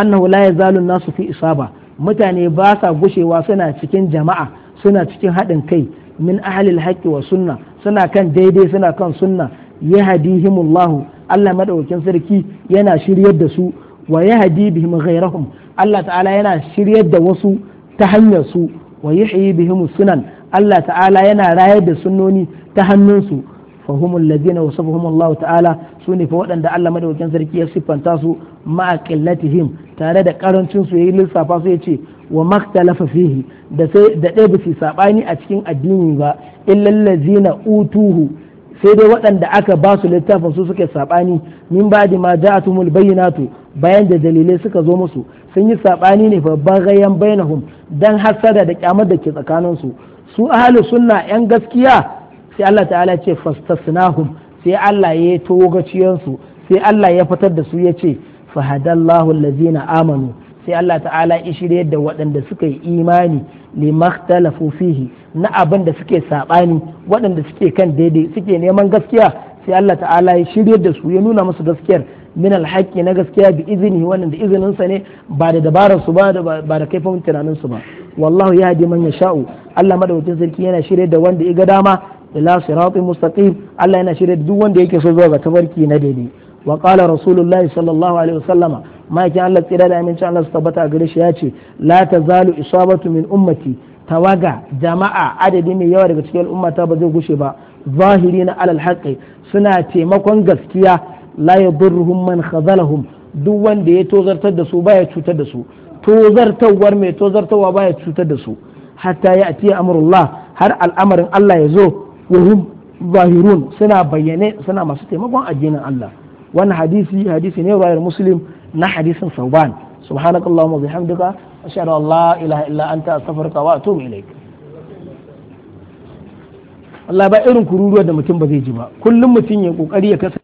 أنه لا zalun nasu fi isaba mutane ba sa gushewa suna cikin jama'a suna cikin haɗin kai min ahalil haƙƙi wa sunna suna kan daidai suna kan sunna ya hadihimullahu Allah madaukakin sarki yana shiryar da su wa ya hadi bihim ghairahum Allah ta'ala yana shiryar da wasu ta hanyar su wa yuhyi bihim sunan Allah ta'ala yana rayar da sunnoni ta hannunsu fa humul ladina wasafahum Allah ta'ala sune fa waɗanda Allah madaukakin sarki ya siffanta su ma'a qillatihim tare da karancin su yayi lissafa su yace wa maktalafa fihi da sai da ɗaya sabani a cikin addini ba illal ladina utuhu sai dai waɗanda aka ba su littafin su suke saɓani min ba da ma bayyana bayyinatu bayan da dalilai suka zo musu sun yi saɓani ne babban gayan hum don hasada da kyamar da ke tsakanin su su ahlu sunna yan gaskiya sai Allah ta'ala ce fastasnahum sai Allah ya togaciyan su sai Allah ya fitar da su ya ce fahadallahu allazina amanu sai Allah ta'ala shirye da waɗanda suka yi imani makhtalafu fihi na abin da suke sabani waɗanda suke kan daidai suke neman gaskiya sai Allah ta'ala ya shirye da su ya nuna musu gaskiyar min alhaqi na gaskiya bi izini wannan da izinin sa ne ba da dabaran su ba ba da kaifin tunanin su ba wallahu ya hadi man yasha'u Allah madawacin sarki yana shirye da wanda ya ga dama ila siratin mustaqim Allah yana shirye da duk wanda yake so zuwa ga tabarki na daidai wa qala rasulullahi sallallahu alaihi wasallama ma'aikin Allah tsira da amincin Allah su tabbata a gare shi ya ce la tazalu isabatu min ummati tawaga jama'a adadi mai yawa daga cikin al'ummata ba zai gushe ba zahiri na alal haqqi suna taimakon gaskiya la yadurruhum man khazalahum duk wanda ya tozartar da su baya cutar da su tozartawar mai tozartawa baya cutar da su hatta ya ati amrullah har al'amarin Allah ya zo wuhum zahirun suna bayyane suna masu taimakon addinin Allah wannan hadisi hadisi ne rawayar muslim na hadisin sauban subhanakallahumma bihamdika ashhadu an la ilaha illa anta astaghfiruka wa atubu ilaik Allah ba irin kururuwa da mutum ba zai ji ba kullum mutum ya kokari ya kasa